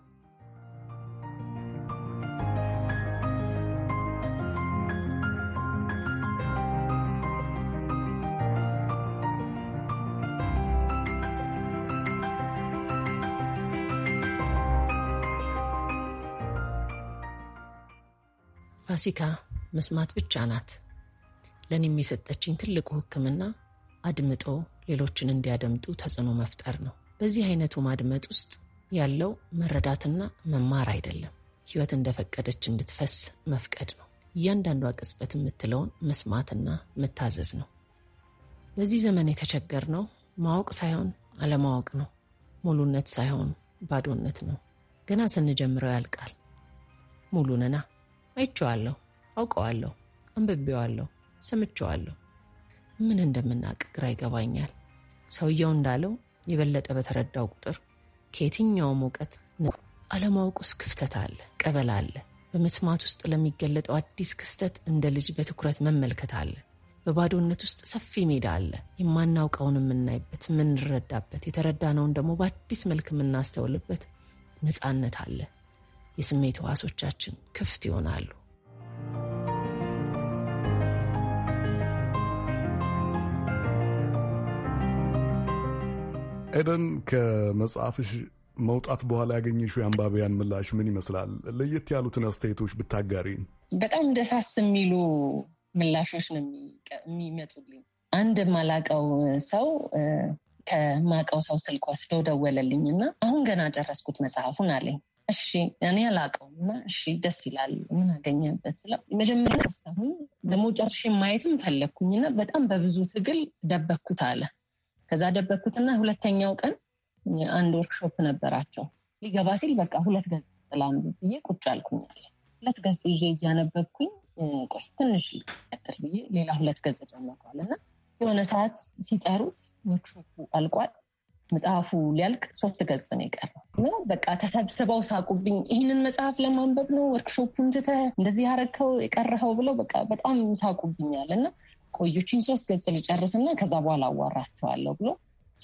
Speaker 14: ፋሲካ መስማት ብቻ ናት ለእኔም የሰጠችኝ ትልቁ ሕክምና አድምጦ ሌሎችን እንዲያደምጡ ተጽዕኖ መፍጠር ነው። በዚህ አይነቱ ማድመጥ ውስጥ ያለው መረዳትና መማር አይደለም፣ ህይወት እንደፈቀደች እንድትፈስ መፍቀድ ነው። እያንዳንዷ ቅጽበት የምትለውን መስማትና መታዘዝ ነው። በዚህ ዘመን የተቸገር ነው ማወቅ ሳይሆን አለማወቅ ነው። ሙሉነት ሳይሆን ባዶነት ነው። ገና ስንጀምረው ያልቃል። ሙሉንና አይቼዋለሁ፣ አውቀዋለሁ፣ አንብቤዋለሁ ሰምቼዋለሁ። ምን እንደምናውቅ ግራ ይገባኛል። ሰውየው እንዳለው የበለጠ በተረዳው ቁጥር ከየትኛውም እውቀት አለማወቅ ውስጥ ክፍተት አለ፣ ቀበል አለ። በመስማት ውስጥ ለሚገለጠው አዲስ ክስተት እንደ ልጅ በትኩረት መመልከት አለ። በባዶነት ውስጥ ሰፊ ሜዳ አለ። የማናውቀውን የምናይበት፣ የምንረዳበት፣ የተረዳነውን ደግሞ በአዲስ መልክ የምናስተውልበት ነፃነት አለ። የስሜት ዋሶቻችን ክፍት ይሆናሉ።
Speaker 15: ኤደን ከመጽሐፍሽ መውጣት በኋላ ያገኘሽው የአንባቢያን ምላሽ ምን ይመስላል? ለየት ያሉትን አስተያየቶች ብታጋሪ።
Speaker 14: በጣም ደሳስ የሚሉ ምላሾች ነው የሚመጡልኝ። አንድ የማላቀው ሰው ከማቀው ሰው ስልክ ወስዶ ደወለልኝ እና አሁን ገና ጨረስኩት መጽሐፉን አለኝ። እሺ እኔ አላቀውም እና እሺ ደስ ይላል ምን አገኘበት ስለው መጀመሪያ ሳሁን ደግሞ ጨርሼ ማየትም ፈለግኩኝ እና በጣም በብዙ ትግል ደበኩት አለ ከዛ ደበኩትና ሁለተኛው ቀን አንድ ወርክሾፕ ነበራቸው። ሊገባ ሲል በቃ ሁለት ገጽ ስላንዱ ብዬ ቁጭ አልኩኛል። ሁለት ገጽ ይዤ እያነበብኩኝ ቆይ ትንሽ ቀጥል ብዬ ሌላ ሁለት ገጽ ጨመቋል እና የሆነ ሰዓት ሲጠሩት ወርክሾፑ አልቋል። መጽሐፉ ሊያልቅ ሶስት ገጽ ነው የቀረው በቃ ተሰብስበው ሳቁብኝ። ይህንን መጽሐፍ ለማንበብ ነው ወርክሾፑን ትተህ እንደዚህ ያረከው የቀረኸው ብለው በቃ በጣም ሳቁብኛል እና ቆዩችን ሶስት ገጽ ልጨርስና ከዛ በኋላ አዋራቸዋለሁ ብሎ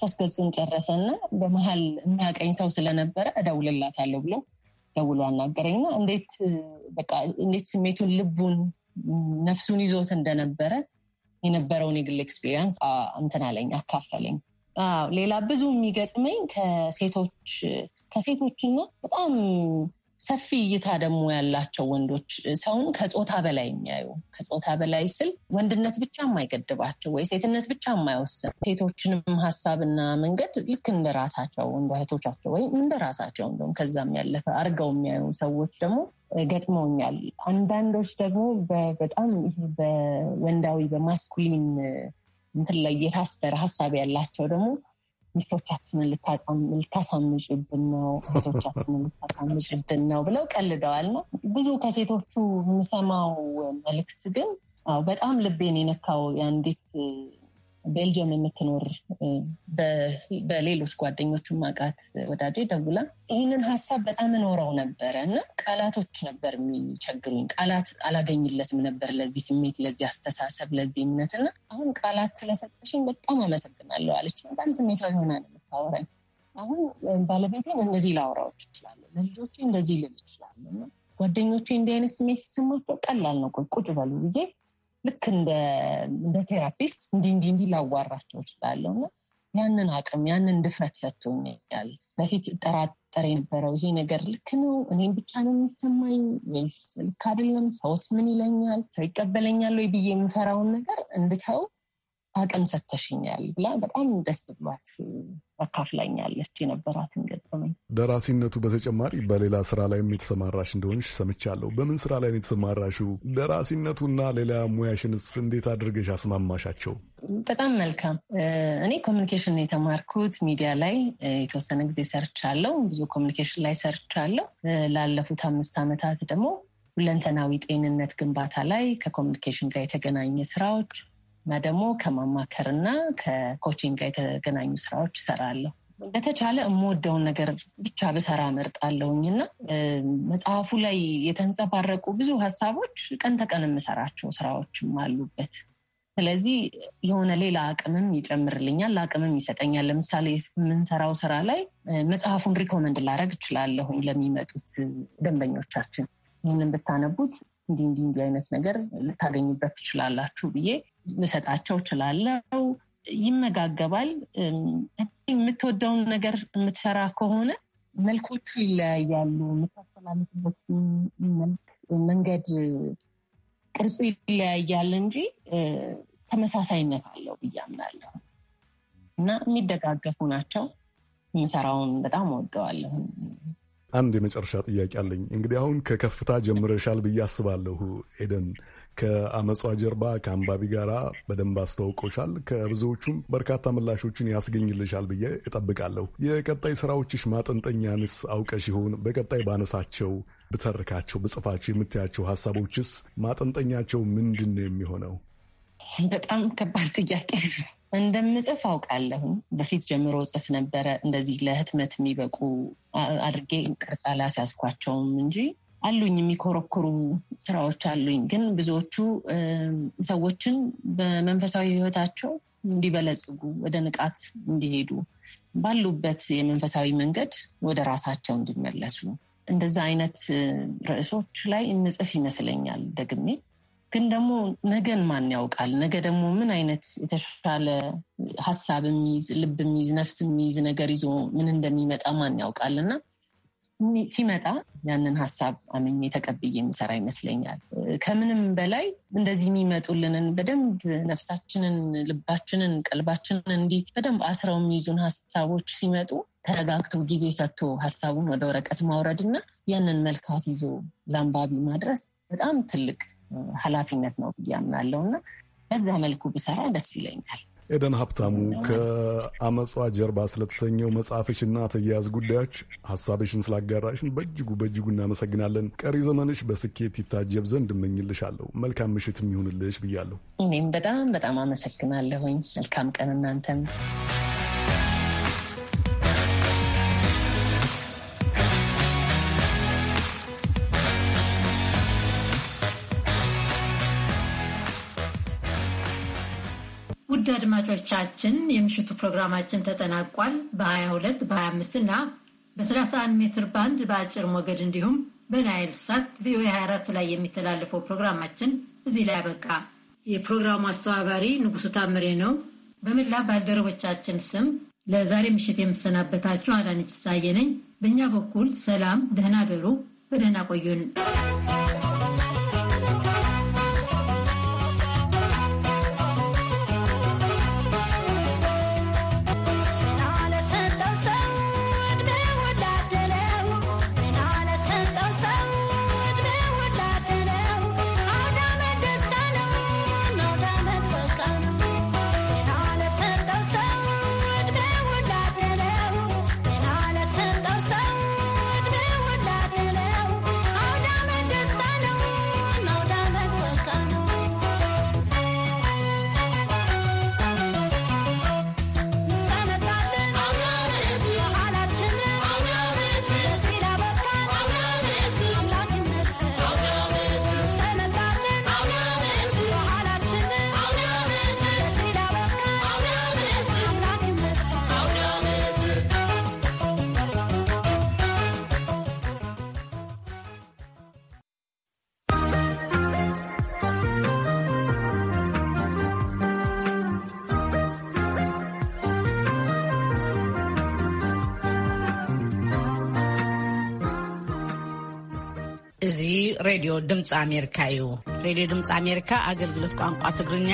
Speaker 14: ሶስት ገጹን ጨረሰና በመሀል የሚያቀኝ ሰው ስለነበረ እደውልላታለሁ ብሎ ደውሎ አናገረኝና እንዴት በቃ እንዴት ስሜቱን ልቡን ነፍሱን ይዞት እንደነበረ የነበረውን የግል ኤክስፒሪየንስ እንትን አለኝ አካፈለኝ። ሌላ ብዙ የሚገጥመኝ ከሴቶች ከሴቶችና በጣም ሰፊ እይታ ደግሞ ያላቸው ወንዶች ሰውን ከጾታ በላይ የሚያዩ ከጾታ በላይ ስል ወንድነት ብቻ የማይገድባቸው ወይ ሴትነት ብቻ የማይወስን ሴቶችንም ሀሳብና መንገድ ልክ እንደራሳቸው ራሳቸው እንደ እህቶቻቸው ወይም እንደ እንደውም ከዛም ያለፈ አድርገው የሚያዩ ሰዎች ደግሞ ገጥመውኛል። አንዳንዶች ደግሞ በጣም በወንዳዊ በማስኩሊን እንትን ላይ የታሰረ ሀሳብ ያላቸው ደግሞ ሚስቶቻችንን ልታሳምጭብን ነው፣ ሴቶቻችንን ልታሳምጭብን ነው ብለው ቀልደዋል። ነው ብዙ ከሴቶቹ የምሰማው መልእክት ግን በጣም ልቤን የነካው የአንዲት ቤልጅየም የምትኖር በሌሎች ጓደኞቹ ማቃት ወዳጄ ደውላ ይህንን ሀሳብ በጣም እኖረው ነበረ እና ቃላቶች ነበር የሚቸግሩኝ። ቃላት አላገኝለትም ነበር ለዚህ ስሜት፣ ለዚህ አስተሳሰብ፣ ለዚህ እምነት እና አሁን ቃላት ስለሰጠሽኝ በጣም አመሰግናለሁ አለች። በጣም ስሜታዊ ሆና ነው የምታወራኝ። አሁን ባለቤቴን እንደዚህ ላውራዎች እችላለሁ፣ ለልጆቼ እንደዚህ ልል እችላለሁ ጓደኞቼ እንዲህ አይነት ስሜት ሲሰማቸው ቀላል ነው። ቁጭ በሉ ብዬ ልክ እንደ ቴራፒስት እንዲ እንዲ እንዲ ላዋራቸው እችላለሁ እና ያንን አቅም ያንን ድፍረት ሰጥቶኛል። በፊት ጠራጠር የነበረው ይሄ ነገር ልክ ነው፣ እኔም ብቻ ነው የሚሰማኝ ወይስ ልክ አይደለም፣ ሰውስ ምን ይለኛል፣ ሰው ይቀበለኛል ወይ ብዬ የምፈራውን ነገር እንድተው አቅም ሰተሽኛል ብላ በጣም ደስ ብሏት አካፍላኛለች የነበራትን ገጠመኝ።
Speaker 15: ደራሲነቱ በተጨማሪ በሌላ ስራ ላይም የተሰማራሽ እንደሆንሽ ሰምቻለሁ። በምን ስራ ላይ የተሰማራሽው? ደራሲነቱና ሌላ ሙያሽንስ እንዴት አድርገሽ አስማማሻቸው?
Speaker 14: በጣም መልካም። እኔ ኮሚኒኬሽን የተማርኩት ሚዲያ ላይ የተወሰነ ጊዜ ሰርቻለሁ። ብዙ ኮሚኒኬሽን ላይ ሰርቻለሁ። ላለፉት አምስት ዓመታት ደግሞ ሁለንተናዊ ጤንነት ግንባታ ላይ ከኮሚኒኬሽን ጋር የተገናኘ ስራዎች እና ደግሞ ከማማከርና ከኮቺንግ ጋር የተገናኙ ስራዎች እሰራለሁ። በተቻለ የምወደውን ነገር ብቻ ብሰራ እመርጣለሁኝ እና መጽሐፉ ላይ የተንጸባረቁ ብዙ ሀሳቦች ቀን ተቀን የምሰራቸው ስራዎችም አሉበት። ስለዚህ የሆነ ሌላ አቅምም ይጨምርልኛል፣ አቅምም ይሰጠኛል። ለምሳሌ የምንሰራው ስራ ላይ መጽሐፉን ሪኮመንድ ላደርግ እችላለሁኝ ለሚመጡት ደንበኞቻችን ይህንን ብታነቡት እንዲህ እንዲህ እንዲህ አይነት ነገር ልታገኙበት ትችላላችሁ ብዬ ልሰጣቸው እችላለሁ። ይመጋገባል። የምትወደውን ነገር የምትሰራ ከሆነ መልኮቹ ይለያያሉ። የምታስተላልፍበት መልክ፣ መንገድ፣ ቅርጹ ይለያያል እንጂ ተመሳሳይነት አለው ብዬ አምናለሁ እና የሚደጋገፉ ናቸው። የምሰራውን በጣም
Speaker 16: ወደዋለሁ።
Speaker 15: አንድ የመጨረሻ ጥያቄ አለኝ። እንግዲህ አሁን ከከፍታ ጀምረሻል ብዬ አስባለሁ ኤደን ከአመፃ ጀርባ ከአንባቢ ጋራ በደንብ አስተዋውቆሻል። ከብዙዎቹም በርካታ ምላሾችን ያስገኝልሻል ብዬ እጠብቃለሁ። የቀጣይ ስራዎችሽ ማጠንጠኛንስ አውቀሽ ይሆን? በቀጣይ ባነሳቸው ብተርካቸው፣ ብጽፋቸው የምታያቸው ሀሳቦችስ ማጠንጠኛቸው ምንድን ነው የሚሆነው?
Speaker 14: በጣም ከባድ ጥያቄ ነው። እንደምጽፍ አውቃለሁ። በፊት ጀምሮ ጽፍ ነበረ። እንደዚህ ለህትመት የሚበቁ አድርጌ ቅርጻ ላስያዝኳቸውም እንጂ አሉኝ የሚኮረኩሩ ስራዎች አሉኝ። ግን ብዙዎቹ ሰዎችን በመንፈሳዊ ህይወታቸው እንዲበለጽጉ ወደ ንቃት እንዲሄዱ ባሉበት የመንፈሳዊ መንገድ ወደ ራሳቸው እንዲመለሱ እንደዛ አይነት ርዕሶች ላይ እንጽፍ ይመስለኛል። ደግሜ ግን ደግሞ ነገን ማን ያውቃል? ነገ ደግሞ ምን አይነት የተሻለ ሀሳብ የሚይዝ ልብ የሚይዝ ነፍስ የሚይዝ ነገር ይዞ ምን እንደሚመጣ ማን ያውቃል እና ሲመጣ ያንን ሀሳብ አምኜ ተቀብዬ የምሰራ ይመስለኛል። ከምንም በላይ እንደዚህ የሚመጡልንን በደንብ ነፍሳችንን፣ ልባችንን፣ ቀልባችንን እንዲህ በደንብ አስረው የሚይዙን ሀሳቦች ሲመጡ ተረጋግቶ ጊዜ ሰጥቶ ሀሳቡን ወደ ወረቀት ማውረድ እና ያንን መልካት ይዞ ለአንባቢ ማድረስ በጣም ትልቅ ኃላፊነት ነው ብዬ አምናለሁ እና በዛ መልኩ ብሰራ ደስ ይለኛል።
Speaker 15: ኤደን ሀብታሙ ከአመፅዋ ጀርባ ስለተሰኘው መጽሐፍሽና ተያያዝ ጉዳዮች ሀሳብሽን ስላጋራሽን በእጅጉ በእጅጉ እናመሰግናለን። ቀሪ ዘመንሽ በስኬት ይታጀብ ዘንድ እመኝልሻለሁ። መልካም ምሽትም ይሁንልሽ ብያለሁ።
Speaker 14: እኔም በጣም በጣም አመሰግናለሁኝ። መልካም ቀን እናንተም
Speaker 1: ውድ አድማጮቻችን የምሽቱ ፕሮግራማችን ተጠናቋል። በ22 በ25 እና በ31 ሜትር ባንድ በአጭር ሞገድ እንዲሁም በናይል ሳት ቪኦኤ 24 ላይ የሚተላለፈው ፕሮግራማችን እዚህ ላይ አበቃ። የፕሮግራሙ አስተባባሪ ንጉሱ ታምሬ ነው። በመላ ባልደረቦቻችን ስም ለዛሬ ምሽት የምሰናበታችሁ አዳነች ፍስሐዬ ነኝ። በእኛ በኩል ሰላም፣ ደህና ደሩ፣ በደህና ቆዩን።
Speaker 5: ሬዲዮ ድምፂ አሜሪካ እዩ ሬድዮ ድምፂ አሜሪካ አገልግሎት ቋንቋ ትግርኛ